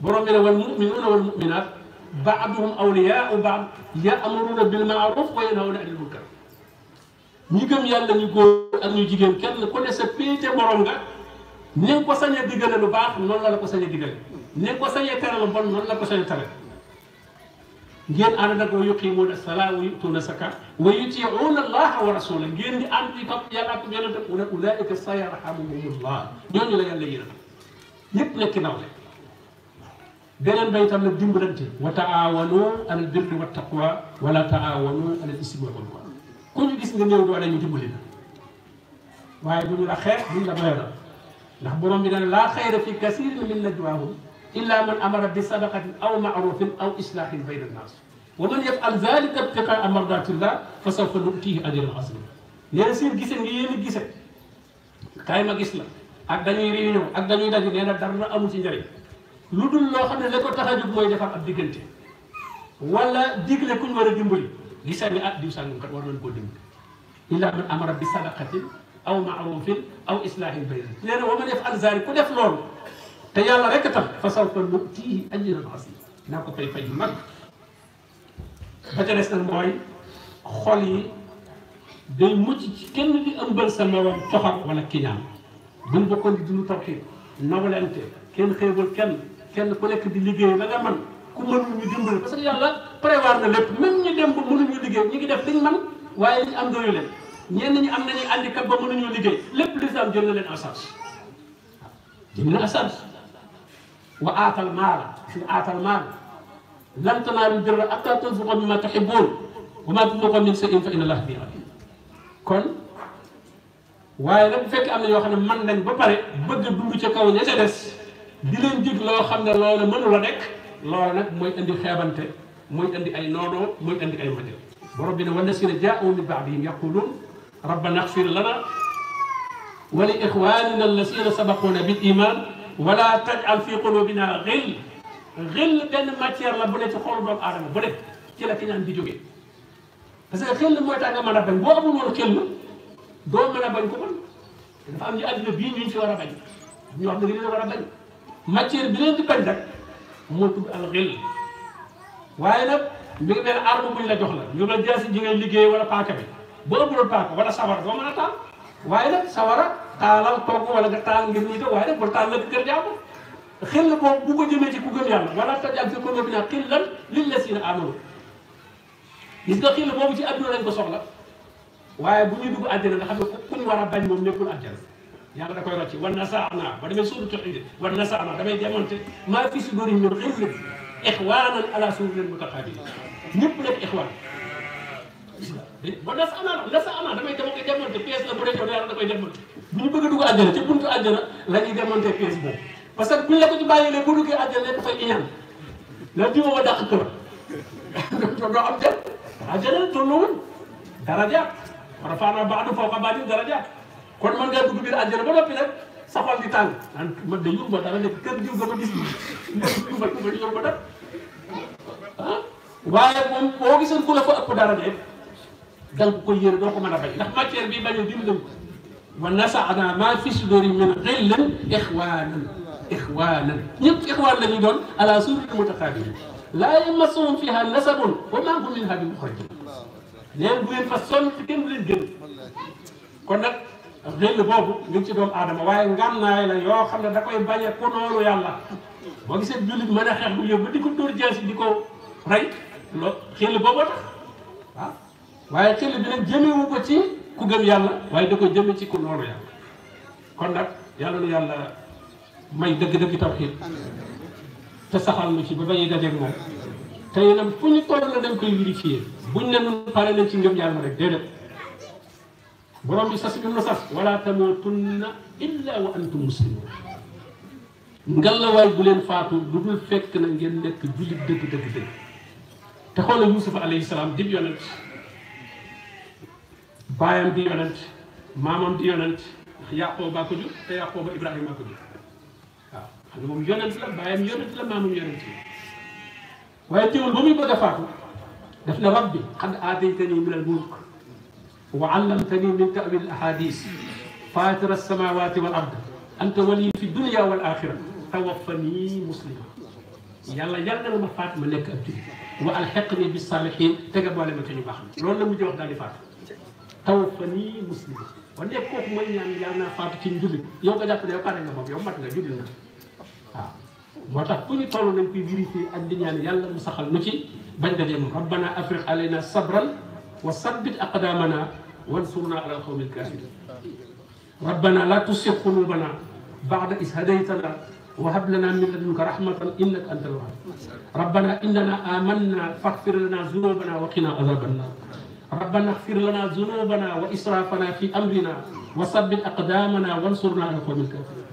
borom bi wal mu'minuna wal muminat ba'dhum awliya'u ba'd ya'muruna bil ma'ruf wa yanhawna anil munkar ñi gëm yàlla ñu góor ak ñu jigéen kenn ku ne sa péete borom nga ni nga ko sañee diggale lu baax noonu la ko sañee diggale ni nga ko sañee tere lu bon noonu la ko sañee tere ngeen ànd nag wa yuqimuuna salaa wa yutuuna zaka wa yutiiuuna allaha wa rasula ngeen di ànd di topp yàlla ak yonentam mu ne ulaika sa yarhamuhumullah ñooñu la yàlla yërëm ñëpp nekk nawle beneen bay tam nag dimbalante wa taawanu alal birri wa taqwa wala taawanu alal ismi wal كل جسم نيو دو علي نجيبو لينا واي بنو لا خير بنو لا بيرا لا بروم بنا لا خير في كثير من نجواهم الا من امر بصدقه او معروف او اصلاح بين الناس ومن يفعل ذلك ابتقاء مرضات الله فسوف نؤتيه اجرا عظيما نيسير جسم يين جسم كايما جسم اك داني ريونيو اك داني داجي نينا دارنا امو سي نجاري لودول لو خا نني لاكو تاخا جوك موي ديفار اب ديغنتي ولا ديغلي كون ورا ديمبلي lisan bi ah diw sàngam kat war nañ koo dénk illaa man amara bi sadaqatin aw maarufin aw islahin bayna nee na wa man yaf an zaari ku def loolu te yàlla rek tax fa sawfa nutiihi ajran asiima naa ko fay fay yu mag ba ca des nag mooy xol yi day mucc ci kenn di ëmbal sa moroom coxor wala kiñaan buñ bokkoon di dund tawxiid nawlente kenn xéewal kenn kenn ku nekk di liggéey la nga man ku mënul ñu dimbali parce que yàlla prévoir na lépp même ñu dem ba mënuñu liggéey ñu ngi def liñ man waaye liñ am doyu leen ñenn ñi am nañu handicap ba mënuñu liggéey lépp l'islam jël na leen en charge jël wa aatal maala fi aatal maala lan tanaalu birra hatta tunfiqu mimma tuhibbun wa ma tunfiqu min shay'in fa inna allaha bihi kon waaye nag bu fekkee am na yoo xam ne man nañ ba pare bëgg dund ca kaw ña ca des di leen jig loo xam loolu mënu la nekk loola nag mooy indi xeebante mooy indi ay noonoo mooy indi ay majal borom bi ne wallasina jaa'u min baadihim yaquluun rabbana xfir lana wa li ixwanina allasina sabaquuna bil iman wala tajal fi qulubina xill xill benn matière la bu ne ci xolu doomu aadama bu ne ci la ki ñaan di jógee parce que xill mooy tax nga mën a bañ boo amul woon xill doo mën a bañ ko man dafa am ñu àddina bii ñu ñu ci war a bañ ñoo xam ne li ñu war a bañ matière bi leen di bañ rek moo tudd al xel waaye nag ñu ngi mel arme buñ la jox la ñu la jaasi ji ngay liggéey wala paaka bi boo amulul paaka wala sawara doo mën a taal waaye nag sawara taalal togg wala nga taal ngir ñuy def waaye nag bul taal la kër jàmm xel boobu bu ko jëmee ci ku gëm yàlla wala tajal fi quluubina naa xil lan lil lasiina aamanu gis nga xel boobu ci àdduna lañ ko soxla waaye bu ñuy dugg àjjana nga xam ne ku ñu war a bañ moom nekkul àjjana yang da koy rocci wan na saana ba demee suuratu Hud wan na saana damay demonte fi ala sururin mutaqaabilin ñëpp ikhwan, ixwaan ba nas ana nas ana damay dama koy demonte pièce la bu rek yàlla da koy demonte bu ñu bëgg a dugg àjjana ci buntu àjjana la ñuy demonte pièce boobu parce que buñ la ko ci bàyyi lee bu duggee àjjana dafay iñaan la <laughs> am fawqa kon mën ngaa dugg biir àjjana ba noppi nag sa xol di tàng naan man de yuruma dara nekk kër jiw dama gis yuruma yuruma yuruma dara ah waaye moom boo gisoon ku la fa ëpp dara de danga ko koy yére doo ko mën a bay ndax matière bi bañ a dim dëng wa nasa'na ma fi suduri min ghillin ikhwanan ikhwanan ñëpp ikhwaan la ñuy doon ala sururin mutaqabilin laa yamassuhum fiha nasabun wa ma hum minha bi muxrajin neen bu leen fa sonn kenn du leen gën kon nag réll boobu ñu ngi ci doomu aadama waaye ngànnaay la yoo xam ne da koy bañ a ko noonu yàlla boo gisee jullit mën xeex bu yëpp ba di ko dóor jees di ko rey lo xel boobu tax waaw ah. waaye xel bi ko ci ku gëm yàlla waaye da ko jëme ci ku kon nag yàlla nu yàlla may dëgg-dëgg tawxiid te saxal nu ci ba bañuy dajeeg moom te yéen fu ñu toll la dañ koy vérifier buñ ne nun pare nañ ci ngëm yàlla rek déedéet برام بيساسي من نصف ولا تموتن إلا وأنتم مسلمون نقال واي بولين فاتو دوبل فيك نانجين نك جولي دك دك دك تخول يوسف عليه السلام دي بيونت بايام دي بيونت مامام دي بيونت ياقوبا كدو ياقوبا إبراهيم كدو لهم يونت لا بايام يونت لا مامام يونت ويتيون بومي بغا فاتو دفن ربي قد آتيتني من الملك وعلمتني من تأويل الأحاديث فاتر السماوات والأرض أنت ولي في الدنيا والآخرة توفني مسلما يلا يلا ما فات ملك أبدي وألحقني بالصالحين تقبوا لما كان يباحنا لون لم يجوه دالي فات توفني مسلما ونكوك يعني آه. من يعني يانا فاتكين جلد يوم جاءت لي وقال لما بيوم ماتنا جلدنا motax ku ñu tollu nañ koy vérifier ak di ñaan yàlla mu saxal nu ci bañ dajee ñu rabbana afriq alayna sabran وثبت أقدامنا وانصرنا على القوم الكافرين ربنا لا تسق قلوبنا بعد إذ هديتنا وهب لنا من لدنك رحمة إنك أنت الوهاب ربنا إننا آمنا فاغفر لنا ذنوبنا وقنا عذاب النار ربنا اغفر لنا ذنوبنا وإسرافنا في أمرنا وثبت أقدامنا وانصرنا على القوم الكافرين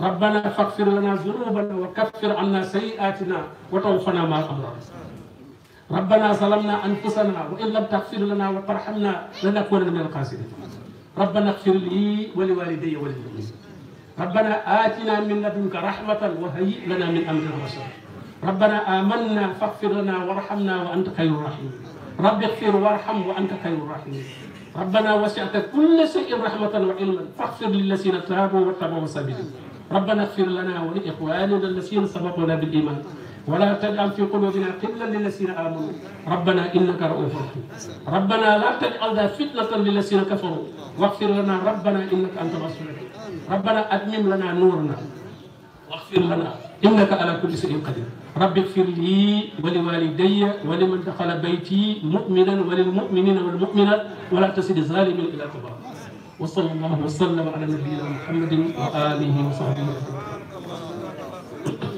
ربنا فاغفر لنا ذنوبنا وكفر عنا سيئاتنا وتوفنا مع الأبرار ربنا ظلمنا أنفسنا وإن لم تغفر لنا وترحمنا لنكونن من الخاسرين ربنا اغفر لي ولوالدي وللمؤمنين ربنا آتنا من لدنك رحمة وهيئ لنا من أمرنا رشدا ربنا آمنا فاغفر لنا وارحمنا وأنت خير الراحمين رب اغفر وارحم وأنت خير الراحمين ربنا وسعت كل شيء رحمة وعلما فاغفر للذين تابوا واتبعوا وسبيلا ربنا اغفر لنا ولإخواننا الذين سبقونا بالإيمان ولا تجعل في قلوبنا قلا للذين امنوا ربنا انك رؤوف رحيم ربنا لا تجعلنا فتنه للذين كفروا واغفر لنا ربنا انك انت الغفور ربنا اتمم لنا نورنا واغفر لنا انك على كل شيء قدير رب اغفر لي ولوالدي ولمن دخل بيتي مؤمنا وللمؤمنين والمؤمنات ولا تسد ظالما الى كبار وصلى الله وسلم على نبينا محمد واله وصحبه وسلم